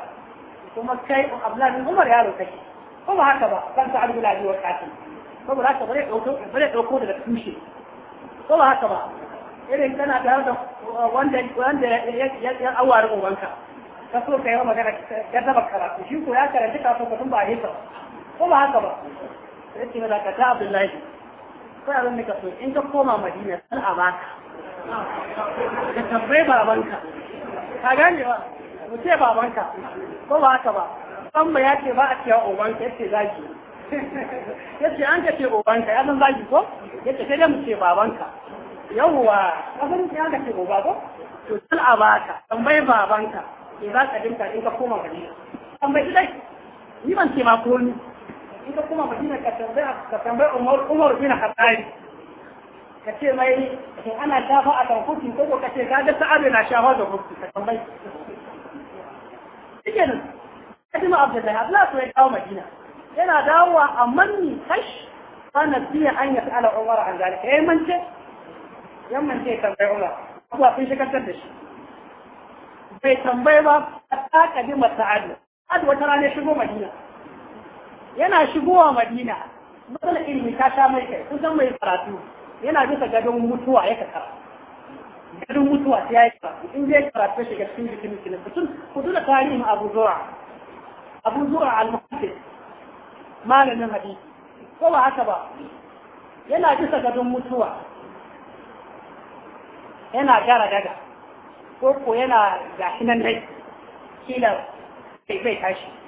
kuma kai Abdullahi bin Umar yaro kake ko ba haka ba kan sa Abdullahi wa Ko ba haka bare dauko bare dauko daga tushe ko ba haka ba irin kana da wanda wanda ya awar ubanka ka so kai magana ka taba karatu shi ko ya karanta so ka tun ba hisa ko ba haka ba sai ce mata ka ta abdullahi sai abin da ka so in ka koma madina san a baka ka tambayi babanka ka gane ba mu ce babanka ko ba ka ba san ba ya ce ba a cewa ubanka yace zaki yace an ka ce ubanka ya san zaki ko yace sai dai mu ce babanka yawwa kasan ya ka ce uba ko to san a baka tambayi babanka in za ka dinka in ka koma madina tambayi dai ni ban ce ma ko in ka kuma madina ka tambaya ka tambaya umar umar bin khattab ka ce mai in ana shafa a kan kurki ko ka ce ka ga sa'abe na shafa da kurki ka tambayi shike nan kadima abdullahi abdullahi sai ya dawo madina yana dawowa a manni kash kana tiya an ya ta'ala umar an zalika yayin mance yan mance tambayi umar abuwa sun shikantar da shi bai tambaye ba ta kadima sa'adu sa'adu wata rana shigo madina yana shigowa madina matsalar ilimi ta sha mai kai kusan mai karatu yana bisa gadon mutuwa ya kakara gadon mutuwa ta yi karatu in zai karatu shiga cikin jikin jikin mutum kudu da tarihin abu zura abu zura al-muhaddis malamin hadisi ko ba haka ba yana bisa gadon mutuwa yana gara daga ko ko yana gashi nan dai kila bai tashi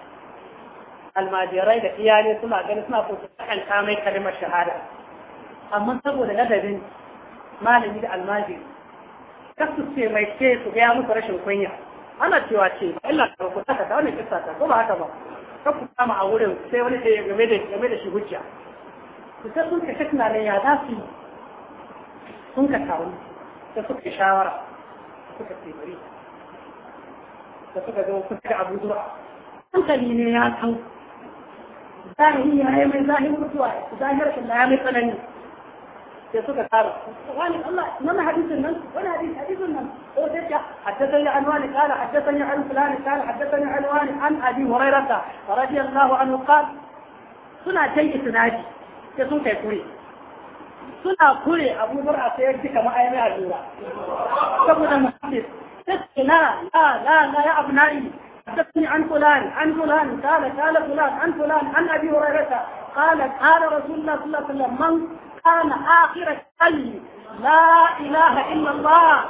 almajirai da iyali suna gani suna so su kamai mai kalmar shahada amma saboda ladabin malami da almaji, kasu ce mai ce su ga musu rashin kunya ana cewa ce ba illa ka ku saka ta wannan kissa ta ko ba haka ba ka ku kama a wurin sai wani sai game da game da shi hujja su sai sun ka shakna ne ya za su sun ka taru da suka shawara suka ce da suka ga kuka abu zuwa hankali ne ya san zahiri ya yi mai zahirin mutuwa zahirin da ya mai tsanani sai suka tsara. wani Allah nan hadisin nan wani hadisi hadisin nan ko sai ya haddathani an wani kala haddathani an fulani kala haddathani an wani an abi hurairata radiyallahu anhu qala suna can isnadi sai sun kai kure suna kure Abu Burra sai ya jika ma'ayyami a jura saboda muhaddis sai na. la la la ya abnai حدثني عن فلان عن فلان قال قال فلان عن فلان عن أبي هريرة قال قال رسول الله صلى الله عليه وسلم من كان آخر قلبي لا إله إلا الله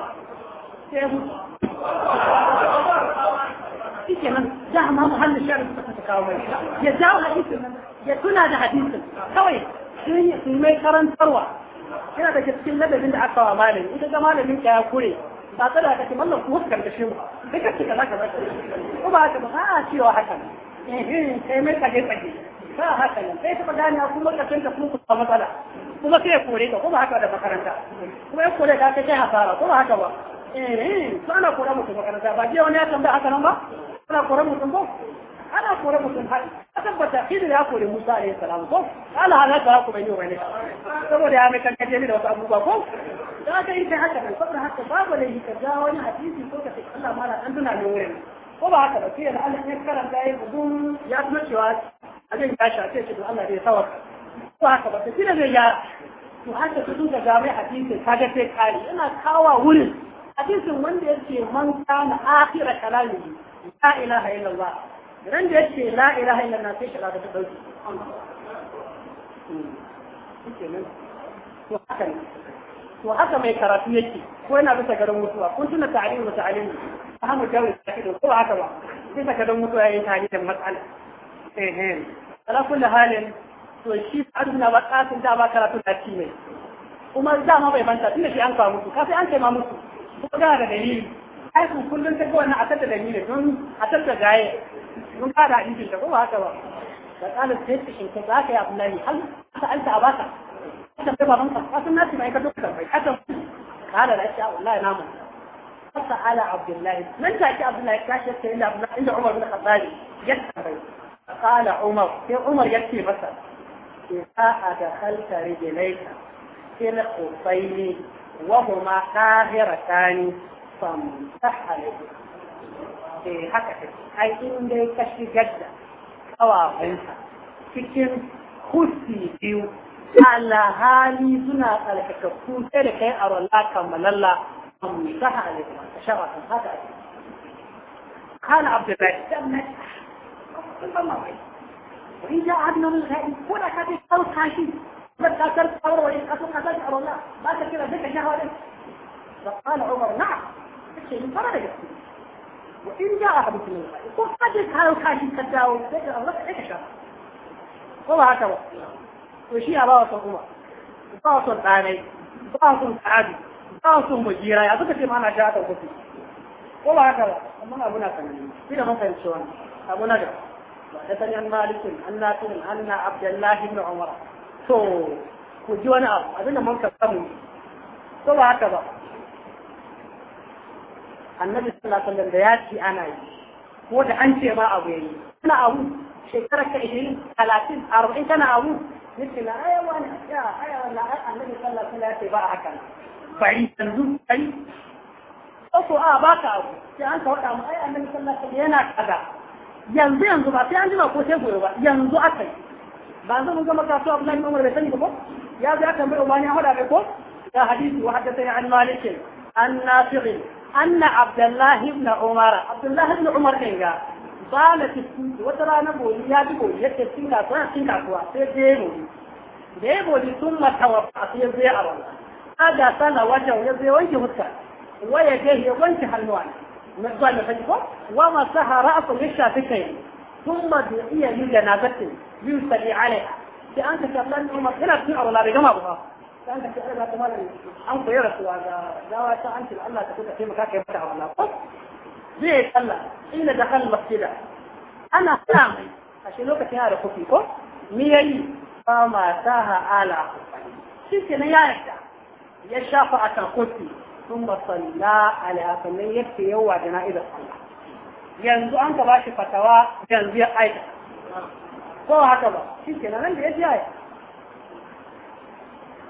سيموت إيش من ده ما محل الشعر تكاوي يجاو يا يكون هذا حديث يا شيء يا مي يا ثروة يا ده يا لبه يا عقا مالي إذا يا منك يا كوري ba tsada haka ce mallan kuwa kan kashe mu sai ka ce kaza kaza ko ba haka ba a cewa haka ne eh sai mai kaje kaje ba haka nan sai ta a kuma kasan ka kuma kuma matsala kuma sai ya kore ka ko ba haka da makaranta kuma ya kore ka kai hasara ko ba haka ba eh eh to kora mutum makaranta ba je wani ya tambaya haka nan ba ana kora mutum ba ana kore mutum haɗi a tabbata idan ya kore musa alaihi salam ko ala halaka ha kuma yi wa ne saboda ya mai kankaje ne da wasu abubuwa ko da aka yi ta haka nan saboda haka babu da ka ja wani hadisi ko ka ce Allah mala dan tuna ne wurin ko ba haka ba sai da Allah ya karanta ya gudun ya tuna cewa a abin ya shafe shi da Allah zai sawar ko haka ba sai da zai ya to haka su duka ga mai hadisi kaga sai kare yana kawa wurin hadisin wanda yake man kana akhira kalamihi la ilaha illallah ran da yake la ilaha illa sai shiga da ta dauki to haka ne to haka mai karatu yake ko yana bisa garin mutuwa kun tuna ta'alimu da ta'alimu Ahmad Jawid Sakido ko haka ba bisa garin mutuwa yayin ta mas'ala eh eh ala kulli halin to shi Sa'adu na bakatin da ba karatu da shi mai kuma ma bai manta tunda shi an kawo mutu kafin an kai ma mutu ko ga da dalili kai kun kullun ta ga wannan a tattara dalili don a tattara gaye mun kada hadisin da kuma haka ba da kana sai shi ka zaka ya Abdullahi hal sa'alta abaka kan sai baban ka asan nasi mai ka duka bai haka kada la sha wallahi namu فسأل عبد الله من تأتي عبد الله كاشف إلا عبد الله عند عمر بن الخطاب يكتب قال عمر في عمر يكفي مثلا إذا أدخلت رجليك في الخفين وهما طاهرتان فامسح عليهما في حكة اي ان دي كشف جدا اواه انسا فكين خسي ديو على هالي زنا قالك كفون تلك ارو لا كمال الله ام سحى لكم تشغط هذا قال عبد الله سمت وإن جاء عدنا من الغائب كل أكاد يتطور خاشي بس أكثر تطور وإن أكثر قتلت أرو الله بعد كده ذكر شهوة فقال عمر نعم الشيء من فرد يقول وإن جاء أحد من الغائب وقد تعالوا كاشي كداو بيجر الله إيش والله هكذا وشيء باصل أمر باصل ثاني باصل عادي باصل المجيرة يا ضد ما أنا جاءت وقتي والله هكذا أما أبونا كان بلا ما فهمت شو أبونا جاء حدثني عن مالك أن نافع أن عبد الله بن عمر تو وجوانا أبونا wani abu والله mun annabi sallallahu alaihi wasallam da ya ci ana yi ko da an ce ba abu yayi kana abu shekara ka 20 30 40 kana abu nake na aya wani ya aya wannan annabi sallallahu alaihi wasallam ya ce ba haka bari san zu kai ko a baka abu sai an ka wada mu ai annabi sallallahu alaihi wasallam yana kaza yanzu yanzu ba sai an jima ko sai gobe ba yanzu akai ba zan ga maka so Abdullahi Umar bai sani ba ko ya ji aka mai ubani ya hada bai ko ya hadisi wa haddathani an malikin النافع أن عبد الله بن عمر عبد الله بن عمر إنجا بالت السوق وترى نبولي يا بولي يتسينا سنة سنة كوا سيديمولي ديمولي ثم توفى سيزي أرلا هذا سنة وجه يزي وانك هتا ويجيه وانك هالنوان مزوان يحجبه ومسح رأسه للشافكين ثم دعية لجنازته يسلي عليها لأنك شفلان عمر هنا بسنة أرلا بجمع بها dan ka ce ai ba kuma an koyi rasuwa ga gawa ta an ce Allah ta kuka taimaka kai mata wannan ko zai sallah inda da kan masjida ana sa mai a shi lokacin yana da kofi ko mi yayi ba ma ta ha ala shi ke na yaya ya shafa a kan kofi sun ba salla ala sannan yake yawa da na'izar sallah yanzu an ka bashi fatawa yanzu ya aika ko haka ba shi ke nan da ya ji yaya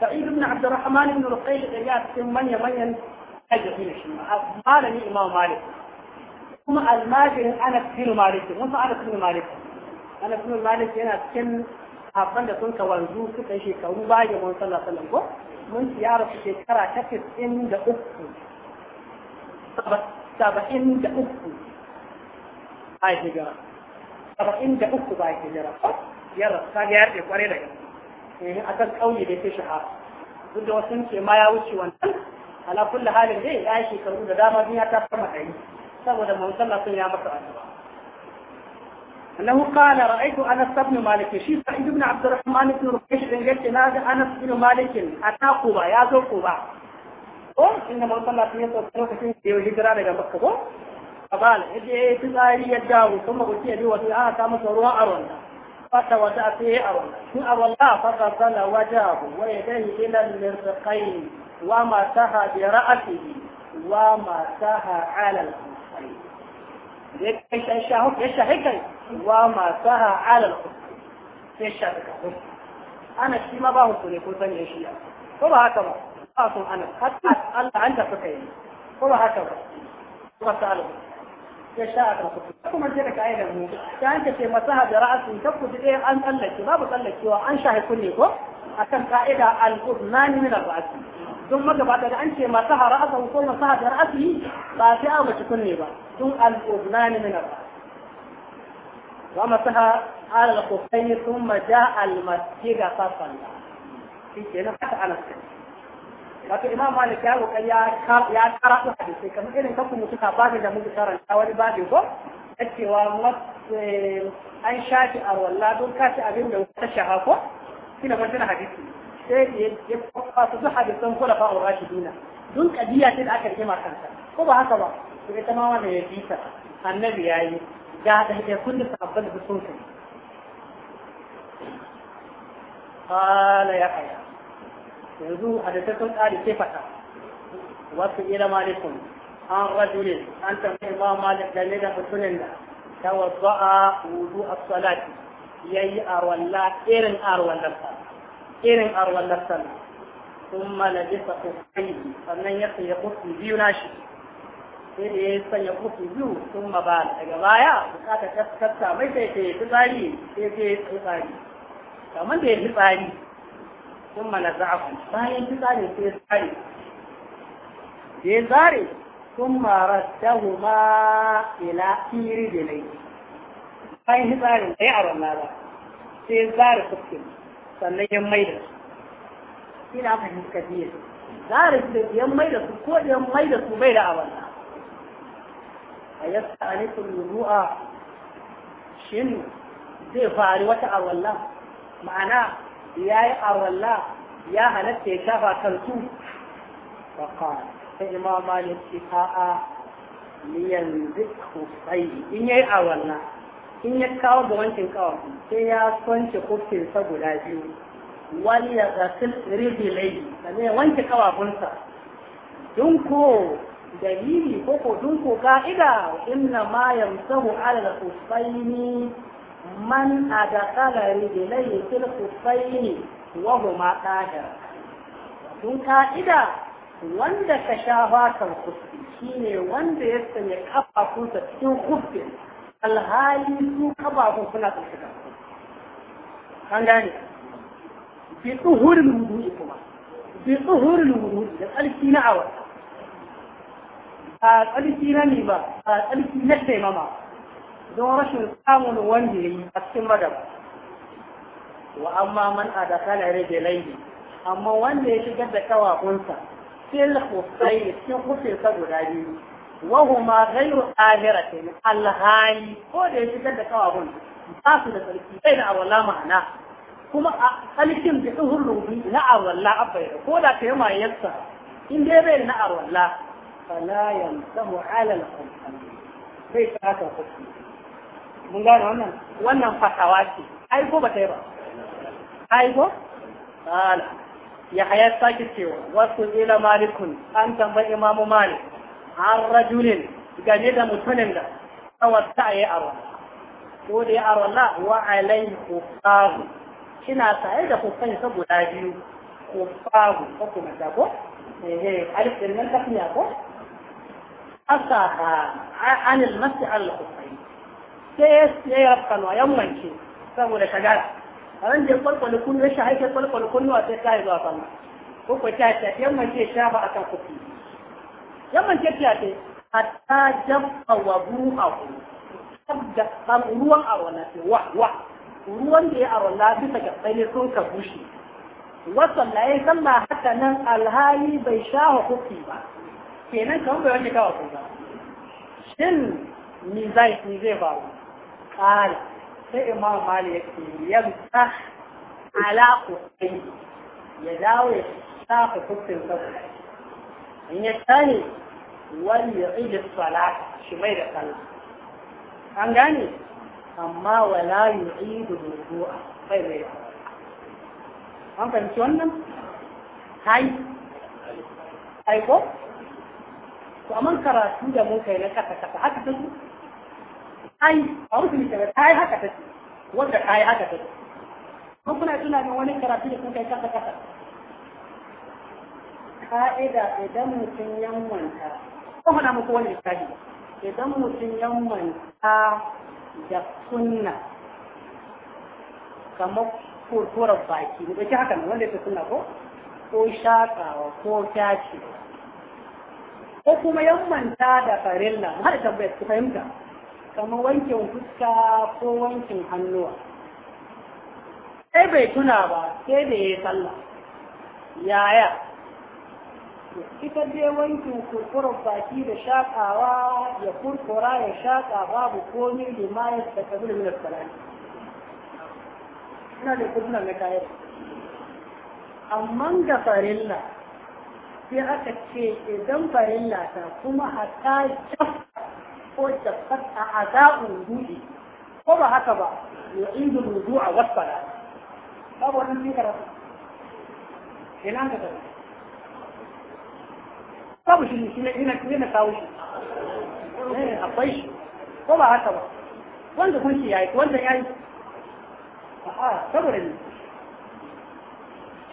sa'id ibn abdurrahman ibn ruqayl da ya cikin manya manyan ajiyar yana cikin abban da wanzu suka shekaru bayan mun shekara ta 93 a eh akan kauye da yake shahar duk da wasu ke ma ya wuce wannan ala kulli halin dai ya shekaru da dama duniya ta fama dai saboda manzon Allah sun ya masa addu'a أنه قال رأيت أنس بن مالك شيخ سعيد بن عبد الرحمن بن رقيش بن جلت نادى أنس بن مالك أتى قبا يا ذو قبا ko inda manzon Allah ya tsaya lokacin da ya hijira daga Makka ko kabal yaje ya tsari ya dawo kuma kuce ya bi wata a kama ruwa a fata wata fiye a wani abuwa fata sana waje abu wai dan ilan mirkai wa mata ha bi ra'ati wa mata ha alal kusai dai kai sai shahu ke shahi kai wa mata ha alal kusai sai ma ba hukun ne ko sanya shi ya ba haka ba ba sun ana hatta Allah an tafi kai ko haka ba ko ba ya sha a karkutu kuma da kayi mu ta hanka ce masaha da ra'asin ta ku ɗaya an tsallake babu tsallakewa an shahi kunne ko akan ka'ida al-udnani min ar-ra'si don magabata da an ce masaha ra'asan ko masaha da ra'asi ba sai a mace kunne ba don al-udnani min ar-ra'si ومسها على الخفين ثم جاء المسجد فصلى في كده wato imam malik ya kokari ya karatu hadisi kamar irin kaku mutu ka babin da muka karanta wani babin ko cewa eh, an shafi arwalla don kashi abin da wata shaha ko kina ban tana hadisi sai ya kwasu duk hadisan kula fa'ur dina. don kadiya ce da aka rigima kanta ko ba haka ba sai ta ma wanda ya bisa annabi ya yi ya da ya kunni sabbin da sun kai قال يا حيان yanzu a da sun tsari ke fata wasu ila malikun an rajulin an tambayi ma malik game da mutumin da ta wasu a wudu a salati ya yi walla irin arwallar sa irin arwallar sa sun malabisa kufai sannan ya sanya kufi biyu nashi sai da ya sanya kufi biyu sun ba daga baya bukata ta mai sai ta yi fitsari sai ta yi fitsari kamar da ya fitsari sun mana za'afun bayan fitsari sai tsare. sai tsare sun mara ta ma ila iri da lai bayan fitsarin sai a ranna ba sai tsare fuskin sannan yan mai da su ina fahimta ka biye su da yan mai da su ko yan mai da su bai da abana a yasta alaikun ru'a shin zai faru wata a ma'ana ya yi arwalla ya halatta ya shafa kan su faƙa sai imama malik ce a liyan zikku sai in ya yi arwalla in ya kawo ga wankin kawai sai ya kofin sa guda biyu wani ya zasil lai sannan ya wanke kawafinsa dunko dalili ko ko dunko ka'ida inna ma yamsahu ala al-usayni man da adakala rijlai fil khuffaini wa huma tahir dun ka'ida wanda ka shafa kan kufi shine wanda ya sanya kafafunsa cikin kufi alhali su kafafun suna tsaye da kan gane bi tsuhurin wudu'i kuma bi tsuhurin wudu'i da tsarki na awa a tsarki na ni ba a tsarki na taimama don rashin samun wanda ya yi a cikin madaba wa amma man a da yare da laifi amma wanda ya shigar da kawakunsa fil hussai cikin hufinsa guda biyu wahuma gairu ahiratin alhali ko da ya shigar da kawakun ba su da tsarki bai da awalla ma'ana kuma a tsarkin da tsohon rubi na awalla abai ko da ta yi mayarsa in dai bai na awalla fala yantahu alal hukum bai ta haka mun gane wannan wannan fasawa ce ai ko ba tai ba ai ko ala ya hayat sake cewa wasu ila malikun an tambayi imamu malik an rajulin game da mutumin da tsawarta ya yi a ko da ya arwala wa alayhi kufahu kina saye da kufai saboda biyu kufahu ko kuma ta ko eh alif din nan fiya ko asaha an al-mas'al al-kufai sai ya yi rafkanwa yammanci saboda shagara a ran da ya kwalkwale kunnu rashin haifar kwalkwale kunnu a sai ta yi zuwa sallah ko ko ta ce yammanci ya shafa akan kufi yammanci ta ce hatta jabba wa bu'ahu sabda kan ruwan arwana ce wa wa ruwan da ya arwana bisa ga tsaye sun ka bushe wasan da ya yi sallah haka nan alhali bai shafa kufi ba kenan kamar bai wani kawo ko ba shin ni zai faru kala sai imam mali ya ce yamsa ala kusai ya dawo ya shafa kusin saboda in ya tani wani ya ije salat shi mai da sallah an gane amma wala yu'idu wudu'a bai mai da an fahimci wannan hai aiko to amma karatu da mun kai na kasa kasa haka take ai a wasu shabar ta yi haka take wanda ta yi haka take kun kuna tunanin wani karatu da kun kai kasa kasa ka'ida idan mutum ya manta, ko faɗa muku wani littafi idan mutum ya manta da sunna kamar kurkurar baki mu ɗauki haka nan wanda ya sunna ko ko shaƙawa ko fyaci ko kuma yammanta da farilla mu haɗa tambayar ku fahimta kamar wankin fuska ko wankin hannuwa sai bai tuna ba sai da ya sallah yaya ita dai wankin kurkura baki da shakawa ya kurkura ya shaka babu komi limayar da kabir min salati ina da kuduna na kayar Amman ga farilla sai aka ce idan farilla ta kuma a ta ko jabbat a azabun wudu'i ko ba haka ba yu'idu wudu'a was sala babu wannan cikin karatu ina ka tafi babu shi ne shi ne na kawo shi eh, akwai shi ko ba haka ba wanda kun shi yayi wanda yayi a'a saboda ne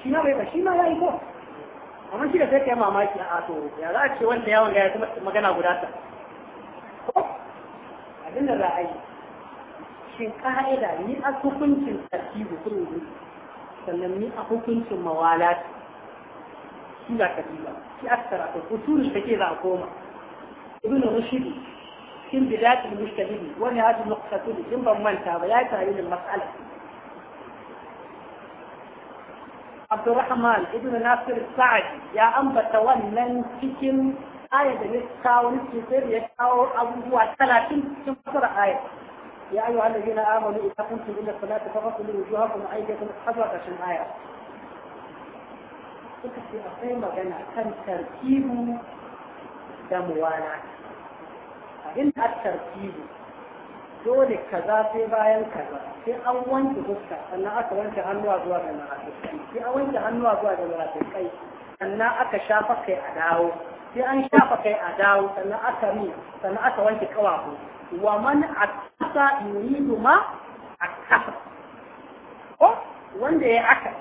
shi ma bai ba shi ma yayi ko amma shi da sai kai mamaki a to ya za a ce wanda yawon ga ya kuma magana guda ta abin da za a yi shin ka'ida ni a hukuncin tartibu kurudu sannan ni a hukuncin mawalat shi za ka diba shi a karatu usulul take za a koma ibn rushd cikin bidatul mujtahidi wani hadu nuqsatu in ban manta ba ya tare da mas'ala Abdurrahman ibn Nasir Sa'adi ya ambata wannan cikin ayar da ya kawo nufin sai da ya kawo abubuwa talatin cikin fasara ayar ya ayu allazi na amanu idza kuntum ila salati faghsilu wujuhakum wa kuma hazwa kashin aya suka ce akwai magana kan tarkibu da muwana abin da tarkibu dole kaza sai bayan kaza sai an wanke fuska sannan aka wanke hannuwa zuwa ga kai, sai an wanke hannuwa zuwa ga kai sannan aka shafa kai a dawo sai an shafa kai a dawo sannan aka mi sannan aka wanke kawafu wa man akasa yuridu ma akasa ko wanda ya aka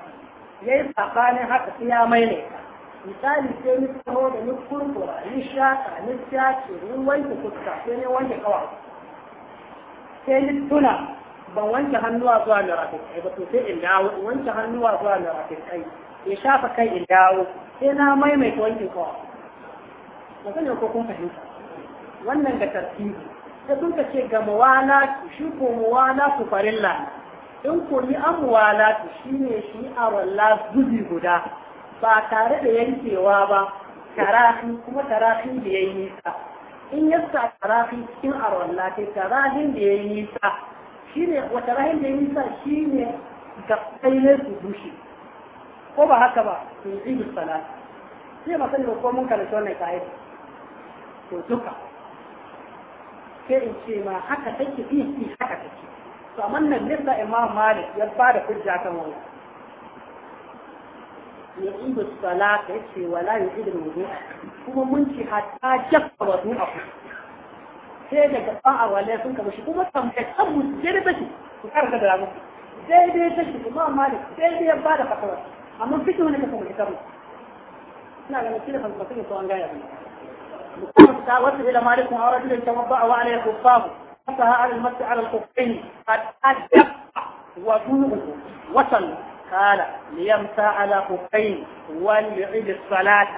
yayi tsakanin haka sai ya maimaita misali sai ni taho da ni kurkura ni shaka ni shace ni wanke fuska sai ni wanke kawafu sai ni tuna ban wanke hannuwa zuwa kai ba to sai in dawo wanke hannuwa zuwa kai ya shafa kai in dawo sai na maimaita wanke kawafu fahimta wannan ga tartibi ce ga muwala shi ko in ko ni an muwala shi a walla zubi guda ba tare da yankewa ba tarafi kuma tarafi da yi nisa in tarafi cikin walla da yi nisa ne wata rahin da yi nisa ne ga tsaye su dushe ko ba haka ba su yi sai to duka sai in ce ma haka take fi fi haka take to amma nan nisa imam malik ya ba da hujja kan wani ya ibu salata yace wala yuhidu wudu kuma mun ci hatta jaka wudu a sai daga ba'a wala sun kama shi kuma tambayar kan jere da shi ku karanta da sai dai ta shi imam malik dai ya ba da fatawa amma fitu wani ka kuma kitabu ina ganin shi da fanfasikin to an gaya ne وصل إلى مالك ورجل توضأه عليه خفاه مسها على المسح على الخفين قد أدب وجوهه وصل قال ليمسى على خفين وليعيد الصلاة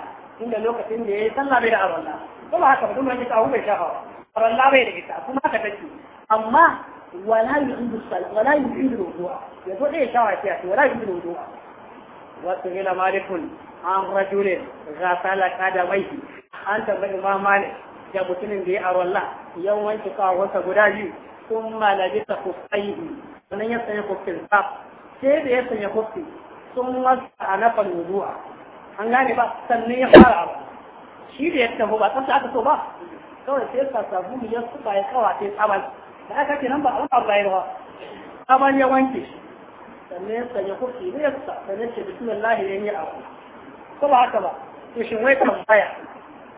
إن الوقت اللي صلى بلا أرى الله ثم هكذا بدون أن يتعه بشهر أرى الله بين كتاب ثم هكذا أما ولا يعيد الصلاة ولا يعيد الوضوء يقول إيه شاوة ولا يعيد الوضوء وسئل مالك عن رجل غسل قدميه أنت بإمام مالك da mutumin da ya Yau yan kawo kawarsa guda biyu sun malabi ta kufai sannan ya sanya kufin sa sai da ya sanya kufi sun wasu a nafan zuwa an gane ba sannan ya fara abu shi da ya tafi ba tsasa aka so ba kawai sai ka sabu ya suka ya kawace sai tsaban da aka ce nan ba a wani abu ba tsaban ya wanke shi sannan ya sanya kurki ne yasa sannan ce bismillah ya yi abu ko ba haka ba to shin wai tambaya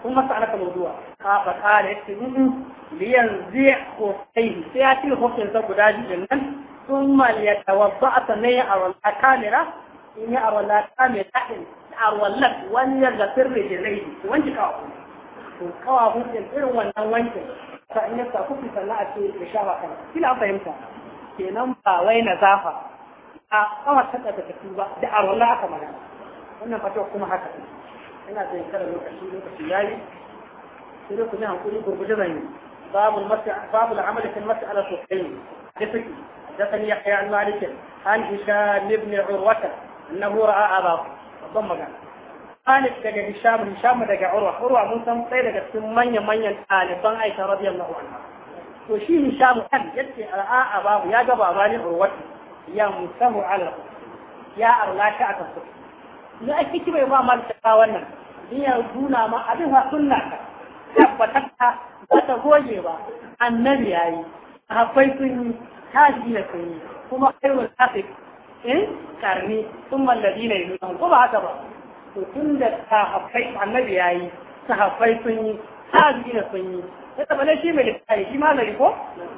kun masa alaka mawdu'a ka ba ka da yake mun liyan zai ko sai sai ya ci hukuncin sa guda biyu nan ثم ليتوضأ سنية أو الكاميرا إن أو الكاميرا أو لك وأن يغفر رجليه وأنت كاوه كاوه تنفر وأن وأنت ce يستطيع سنة أشياء إشارة كلا fahimta. kenan ba wai na zafa. a kawatar da tafi ba da a rola aka magana wannan fata kuma haka ne ina zai kada lokaci lokaci yayi sai ku ji hankuri gurguje zan yi babu babu al'amali kan mas'ala sosai da take da kan yahya an malik an hisham ibn urwata annahu ra'a abahu babban magana Malik daga Hisham, Hisham daga Urwa, Urwa mun san sai daga cikin manya-manyan ɗaliban Aisha radiyallahu anha. To shi Hisham kan yace a'a babu ya ga babani Urwatu yamsahu ala ya Allah a kan su ni a kiki bai ba mal ta wannan ni ya duna ma abin ha sunna ka tabbatar ta ba ta goge ba annabi yayi akwai sun tashi da sun kuma wa hafiq eh, in karni thumma alladina yunun ko ba haka ba to ta sahabbai annabi yayi sahabbai sun yi tashi da sun yi ya ne shi mai littafi shi ma zai ko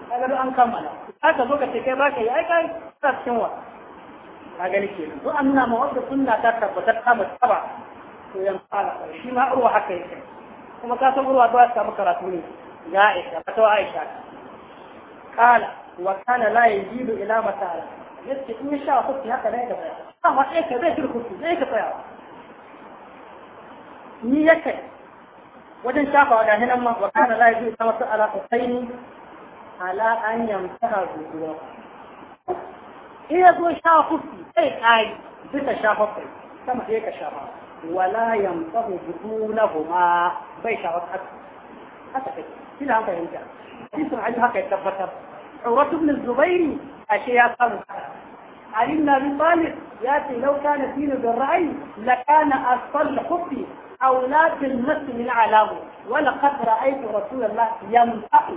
kaga an kammala aka zo ka ce kai baka yi aikai ta cikin wa a gani ke to an nuna ma wanda sunna ta tabbatar ta mutaba to yan fara shi ma urwa haka yake kuma ka san urwa ba ta samu karatu ne ga Aisha ta wa Aisha kala wa kana la yajidu ila matala yace in sha ki haka ne ga baya amma sai ka zai turkuki zai ka tsaya ni yake wajen shafa ga hinan ma wa kana la yajidu ila sai ni على أن يمتهى بالدواق إيه هي دو شاخفتي أي آي بيت شاخفتي كما هيك شاخفتي ولا يمتهى بدونهما بي شاخفت حتى كده كده هم فهمتها يسر عليها كي تبتر عورة ابن الزبير أشياء صنعها علي بن أبي طالب يا اخي لو كان دينه بالرأي لكان أصل خفي أولاد النسل العلام ولقد رأيت رسول الله يمتحن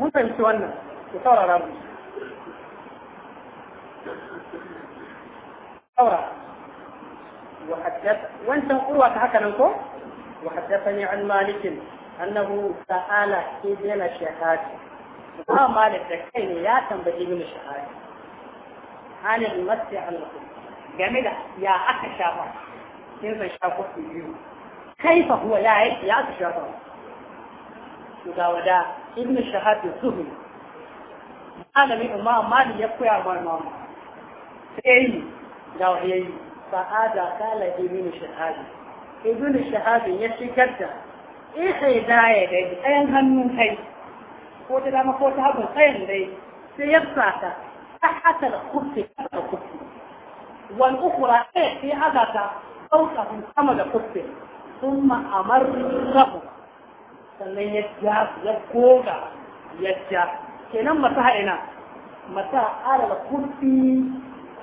mun fahimci wannan ku saurara mu وحدثني عن مالك أنه سأل ابن الشهاد ما مالك ذكين يا تنبئي من الشهاد عن المسي عن الخبز جميلة يا أكا شافع كيف شافع في اليوم كيف هو يا يا أكا شافع ودا ibn shahab zuhri malami imam malik ya koya ma imam sai ga wahayi sa'ada kala ibn shahab ibn shahab ya shigar da ihe daya da tsayan hannun kai ko ta dama ko ta hagun tsayin dai sai ya sata ta hatar kufi da kufi wal ukhra eh sai haga ta sauka sama da kufi ثم أمرهم sannan ya ya koga ya ja kenan masaha ina masaha alal kurfi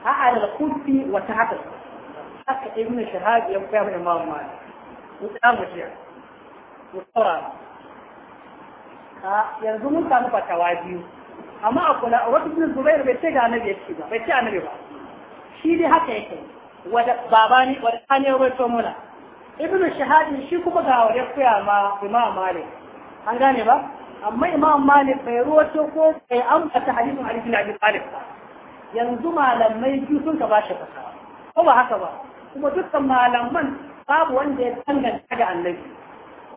ha alal kurfi wa tahta haka ibnu shahab ya koya mai imam malik mutan mutiya mutara ha yanzu mun samu fatawa biyu amma a kula a wata ibn zubair bai ce ga annabi yake ba bai ce annabi ba shi dai haka yake wada babani wada kane roto mula ibnu shahadi shi kuma ga wa kuya ma imam malik an gane ba amma imam malik bai ruwato ko bai ambata hadisin ali bin abi talib yanzu malamai biyu sun ka bashi fasa ko ba haka ba kuma dukkan malaman babu wanda ya danganta da annabi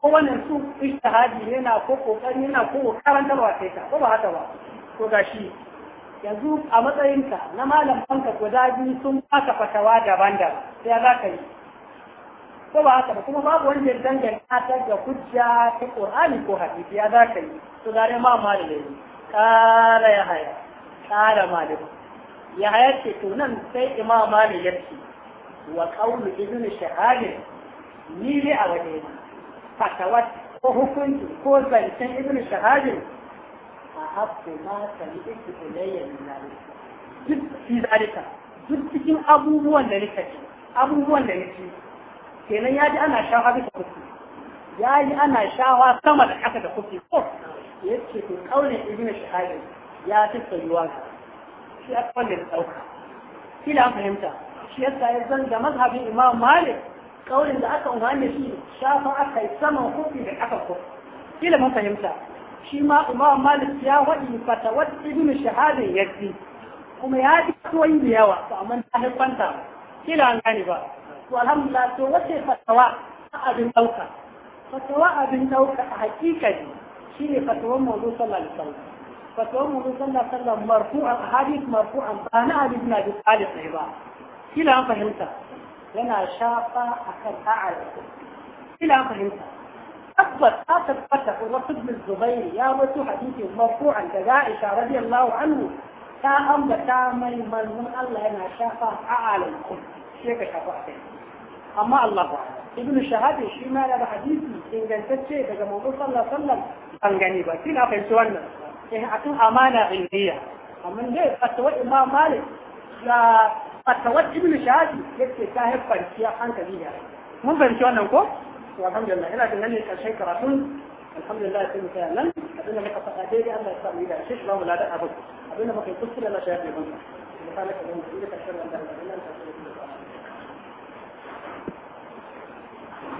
ko wannan su ijtihadi ne na ko kokari yana ko karanta ba sai ka ko ba haka ba ko gashi yanzu a matsayinka na malaman ka guda biyu sun baka fatawa daban-daban sai za ka yi ko ba haka ba kuma babu wani ya danganta ta ga hujja ta Qur'ani ko hadisi ya zaka yi to gare ma malami kara ya haya kara malami ya haya ce to nan sai imam mali ya ce wa qawlu ibn shahab ni ne a waje fatawat ko hukunci ko zancen ibn shahab a haɓɓe ma sami ita ilayyar lalata duk fi zalika duk cikin abubuwan da nake abubuwan da nake kenan ya ji ana shawa bisa kufi ya ji ana shawa sama da haka da kufi ko ya ce to kaunin ibn shahadin ya fi tsayuwa shi ya kwalle da ɗauka shi da an fahimta shi ya sa ya da mazhabin imam malik kaunin da aka umarni shi shafa aka yi saman kufi da aka kufi kila mun fahimta shi ma imam malik ya waɗi fatawar ibn shahadin ya kuma ya ji kasuwanci da yawa to amma ta kwanta, kila an gane ba ولما توجه فتوى ابن اوكا فتوى ابن اوكا حقيقة شيء فتوى مولود صلى الله عليه وسلم فتوى مولود صلى الله عليه وسلم مرفوع حديث مرفوعا انا ابن ابي طالب ايضا الى ان فهمت لنا شافا اخر اعلى الى ان فهمت اكبر اخر فتح الرصد بن الزبير يا وتو حديثي مرفوعا كذا رضي الله عنه كان امر كامل من الله انا شافا اعلى الكل شيخ شافا أما الله ابن الشهاد الشيما على حديثي إن كان تتشي فجمع الله صلى الله عليه وسلم عن جانبا تين أخي سوانا إيه أكون أمانة علمية أمان ليه فتوى إمام مالك لا فتوى ابن الشهاد يتشي كاهب فرسيا خان كبيرا من فرسيا أنا وكو والحمد لله إلا تنني الشيك رسول الحمد لله يتم سيانا أبنا ما قصة أجيري أما يسأل إلا شيش لهم لا أبنا ما قصة لنا شيئا في المنطقة لذلك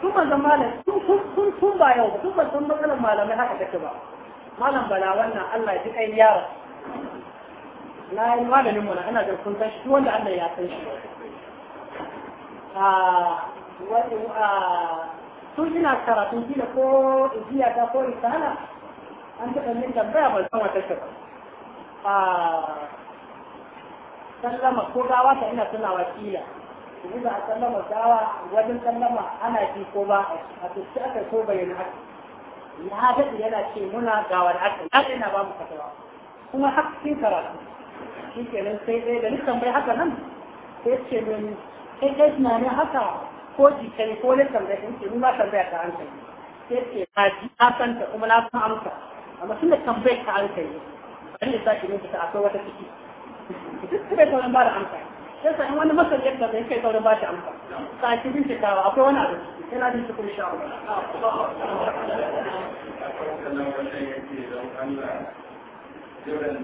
sun manzan malam sun sun ba yau sun ba sun matsalar malamai haka take ba malam bala wannan Allah ya ji kai yaro. na yi malamin mu na ina da sun san shi wanda Allah ya san shi sun ah, ah, ina karatun da ko ijiya ta ko isala an taɓa min tambaya ba zan ah, wata ba sallama ko gawa ta ina tunawa kila su buga a sallama gawa wajen sallama ana ji ko ba a tuski aka ko na haka ya daɗi yana ce muna gawa da haka ya yana ba mu fatawa kuma haka cikin karatu shi nan sai ɗaya da nisan bai haka nan sai ce min kai ɗaya ne haka ko jikai ko nisan bai sun ce nuna tambaya ta hankali sai ce na ji na san ta kuma na san amsa amma tun da tambaya ta hankali bari ya sake min ta akwai wata ciki sai ta wani ba da hankali sai sai wani masar ya da kai sauran ba shi amsa sai ki bincikawa akwai wani abu yana da cikin sha Allah wannan don ya kamata saboda da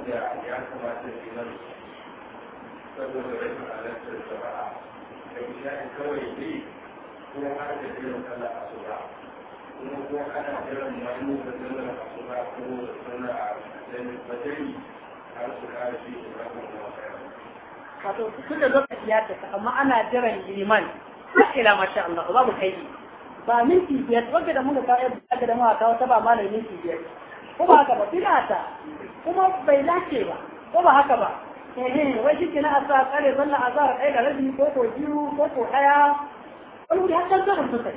kawai ne ko har da a kuma ko ana da a ko da sura a jami'in bajani har su kare shi da wato tun da lokaci ya tafi amma ana jiran liman ila masha Allah babu kai ba minti biyar wanda da muka kawo aka da muka kawo ta ba malami minti biyar ba haka ba tuna ta kuma bai lace ba ko ba haka ba eh wai shi kina asa kare zalla azar ɗaya da rabi ko ko biyu ko ko daya wani har kan zaka sosai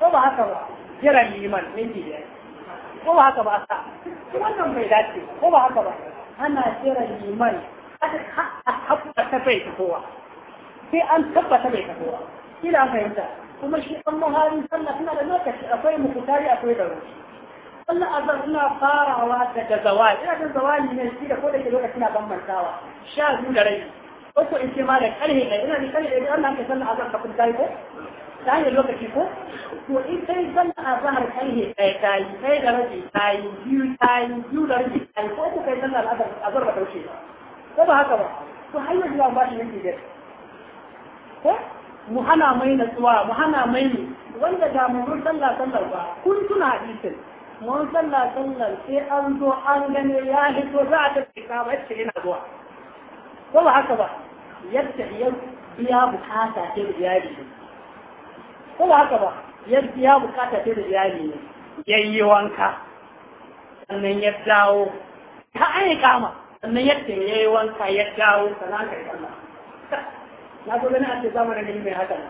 ko ba haka ba jiran liman minti biyar ko ba haka ba asa wannan bai lace ko ba haka ba ana jiran liman haɓɓata bai ta kowa sai an tabbata bai ta kowa ina fahimta kuma shi an muharin sallah suna da lokaci akwai mukutari akwai da rufi sallah azhar suna farawa daga zawali ina da zawali ne shi da kodake lokaci na bambantawa sha biyu da rai wato in ce ma da karhe ne ina da karhe ne Allah ke sallah azhar ka kunta ko ta hanyar lokaci ko to in kai sallah azhar karhe ɗaya ta yi ɗaya da rabi ta yi biyu ta yi biyu da rabi ta yi ko ku kai sallah azhar ba ta wuce ba ko ba haka ba to har yanzu ba shi yake da ko mu hana mai natsuwa mu hana mai wanda da mu mun sallah sallar ba kun tuna hadisin mun sallah sallar sai an zo an gane ya hito za a tafi ka ba yace yana zuwa ko ba haka ba yadda ya biya bukata ce da iyali ne ko ba haka ba ya bukata ce da iyali ne wanka sannan ya dawo ta aika kama sannan yadda ya yi wanka ya dawo sana ka sallah na so gani a ce zamanin gani mai hakan.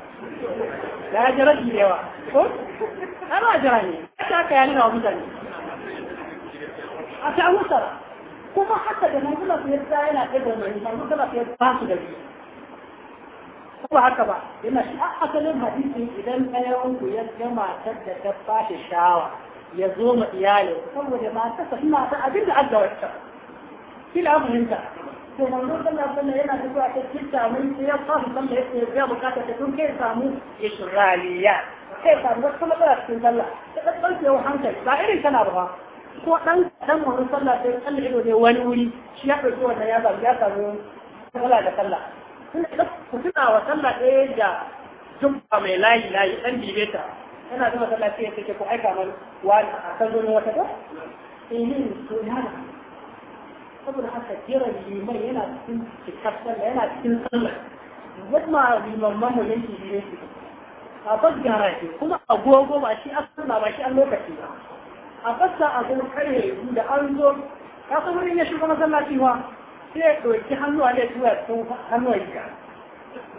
da ya jira da yawa ko har ba jira ne Ya ta ka yana wa mutane a ta musara kuma haka da nan kuma su yadda yana kai da mai mun kuma su yadda ba su da biyu ba haka ba yana shi a asalin hadisi idan ɗayan ku ya ga matar da ta ba shawa ya zo ma iyalin saboda matarsa suna ta abin da an ga kila fahimta to manzo sallallahu sanna yana tafiya ta kitta mun sai ya fara da yake ya bukata ta tun kai samu israliya sai ka ga kuma da cikin sallah ka dauke wa hankali ba irin kana ba ko dan dan mun sallah sai kan ido ne wani wuri shi ya dauki wannan ya zabi ya samu sallah da sallah ku tuna wa sallah ɗaya da jumba mai layi layi dan bibeta yana zama sallah sai ya ce ko aika mana wani a kan wata ba eh to yana saboda haka jiran liman yana cikin cikakken yana cikin sallah wadda liman mamu yanki ne su a gara ke kuma agogo ba shi asalla ba shi an lokaci ba a fassa agogo kare da an zo ka san wurin ya shiga masallaci ma sai ya ɗauki hannuwa ne tura sun hannuwa yi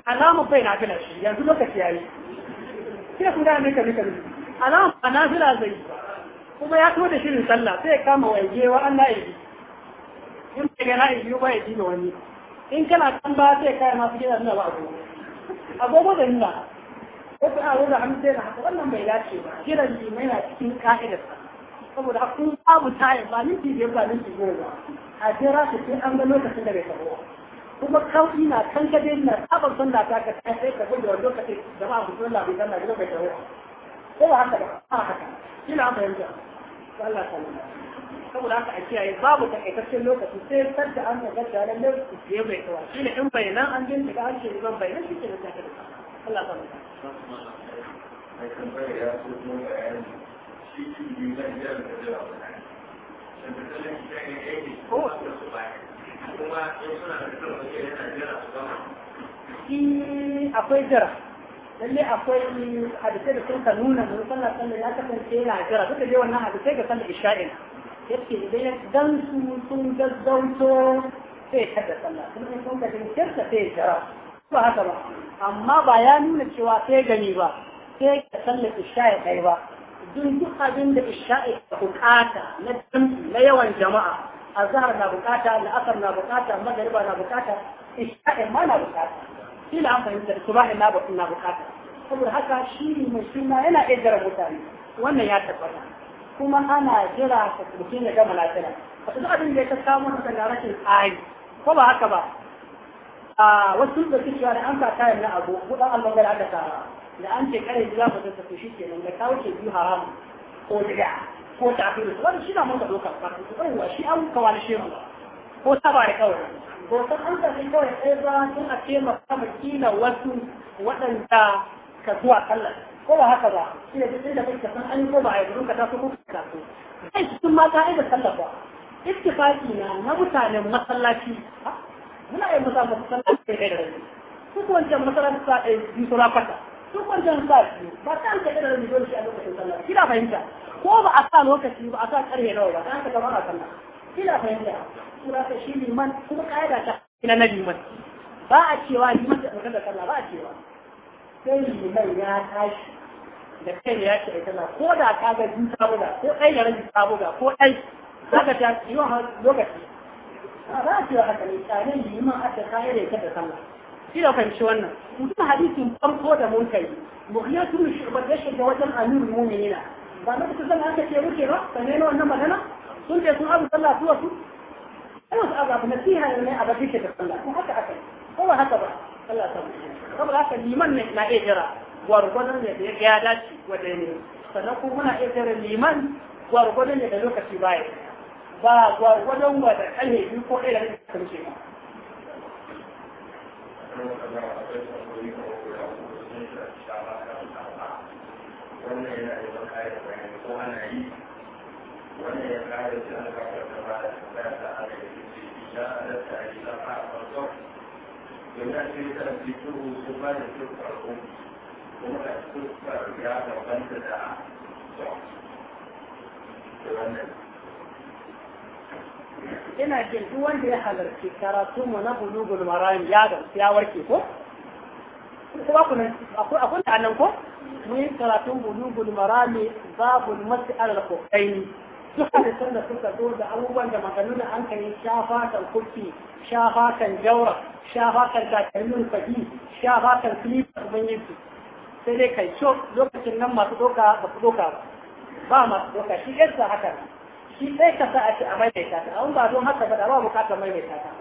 alama bai na fila shi yanzu lokaci ya yi sai ya kuma ne kabi kalli alama ba na fila zai kuma ya kuma da shirin sallah sai ya kama waje wa Allah ya yi in ka gana in biyu ba dina wani in kana kan ba sai kai masu gina nuna ba A agogo da nuna ko ta awo da hamsin da haka wannan bai dace ba kiran limai na cikin ka'idarsa saboda kun babu tayin ba minti biyar ba minti biyar ba a jira su sai an ga lokacin da bai taho kuma kauɗi na kan gade na son sallah ta ka ta sai ka gudu wani lokacin jama'a ku sallah bai sallah gidan bai taho ko ba haka ba haka fahimta saboda haka a kiyaye babu takaitaccen lokaci sai kar da an ga da nan nan su je mai kawa shi ne in bai nan an jin da an ce ban bai nan shi ke da ta kada Allah ba mai tambayar ya so mun bayani shi ki yi zan jira da jira ko kuma in suna da kuma ke yana jira su gama shi akwai jira lalle akwai hadisai da sun ka nuna mun sallah sallah ya kasance yana jira duka je wannan hadisai ga sallah isha'ina yake idan ya gan su sun gaggauto sai ta da sallah kuma in kun ka jinkir ta sai ba haka ba amma ba ya nuna cewa sai gani ba sai ka sallar isha'i kai ba duk duk abin da isha'i ka bukata na na yawan jama'a azhar na bukata la'asar na bukata magariba na bukata isha'i ma na na na saboda haka shi mai suna yana ƙetare mutane wannan ya tabbata kuma ana jira ta mutum ya gama lafiya wato duk abin da ya samu da daga rashin ayi. ko ba haka ba a wasu da su cewa da an sa kayan na abu ko gudan Allah ga aka ta da an ce kare jira ba ta shi ke nan, da kawo ke biyu haram ko jira ko ta afiru wani shi na mun da doka ba su kai wa shi an kawo shi ba, ko ta ba da kawai ko san an sa kawai sai ba sun a ce ma kila wasu waɗanda ka zuwa kallon ko ba haka ba shi ne duk inda kake san an ko ba a yanzu ka taso ko ka taso sai cikin ma ka'idar sallafa ittifaqi na na mutanen masallaci muna yin musa masallaci kai da rabi su ko wancan masallaci sa ɗaya biyu sura kwata su ko wancan sa biyu ba ta an kai da rabi don shi a lokacin sallah kina fahimta ko ba a sa lokaci ba a sa karhe nawa ba ta an ka gama a sallah kina fahimta sura ta shi liman kuma ka'ida ta ina na liman ba a cewa liman da ɗaukar da sallah ba a cewa sai liman ya tashi da kai ya ce ita na ko da ka ga biyu ta buga ko ɗai da rabi ta buga ko ɗai za ka ta yi wa lokaci a za a ce wa haka ne tsarin liman aka kayar da ita da sallah shi da fahimci wannan mutum hadisin farko da mun kai muhliyatun shugaban ya shiga wajen amirul mu'minina ba na kusa zan aka ce muke ba sanne na wannan magana sun ce sun abu sallah su wasu ai wasu abu abu nasiha ne a bakin shi da sallah ko haka aka ko ba haka ba Allah ta mutu saboda haka liman na iya jira gwargwadon da ya dace wanda ne sannan kuma muna iya tare liman gwargwadon da lokaci baya ba gwargwadon ba da kalhe biyu ko ɗaya da ne kan ce ba. wannan yana da da bayani ko ana yi wannan ya kare shi an kafa da ba da tambaya da aka yi ce ya a yi lafa a farko yana ce ta fito ko ba da kuma ya bambanta da ina jin duk wanda ya halarci karatu mu na bulugul maram ya da ya warke ko kuma kun akwai da nan ko mun yi karatu bulugul marami babul mas'al al-qur'ani duk hadisan da suka zo da abubuwan da maganuna an kan yi shafa kan kufi shafa kan jawra shafa kan takalmin fadi shafa kan kilifa ubangiji sai dai kai co lokacin nan masu doka ba su doka ba ba masu doka shi yadda haka shi sai ka sa a ce a maimaita ta an ba don haka ba da ba bukatar maimaita ta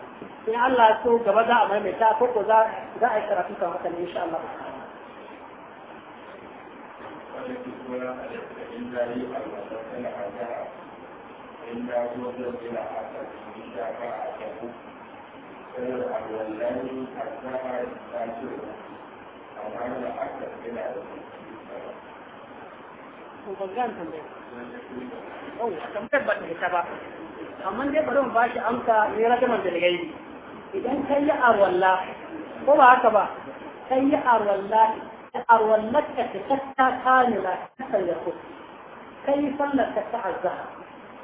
in Allah so gaba za a maimaita ko ko za za a yi karatu kan haka ne insha Allah Thank you. da a ba a a a ban gane tambayar yau tambayar ba ta ba amma dai bari mu shi amsa ne ragamar da gaibi idan kai yi arwalla ko ba haka ba kai yi arwalla arwallar ka ta tatta kamila ta ko? kai sallar ka ta azhar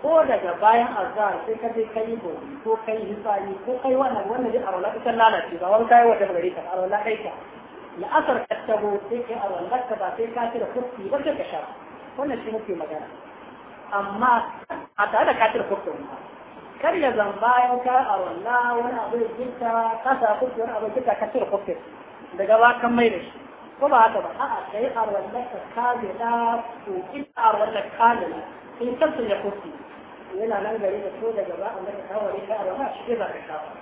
ko daga bayan azhar sai ka je kai ko ko kai hisani ko kai wannan wannan dai arwalla ta lalace ba wani kai wata gari ka arwalla kai ka la'asar ka tabo sai kai a wallar ka ba sai ka tira kufi ba ka sha wannan shi muke magana amma a tare da katir kufin ba kar ya zan bayan ka a wallah wani abu ya kinka ka sa kufi wani abu da kinka ka tira kufin daga ba kan mai da shi ko ba haka ba a'a kai a wallar ka kamila to ita a wallar kamila in kansu ya kufi yana nan gari da so daga ba a maka kawai ka a wallar shi zai ka kawai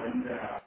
wanda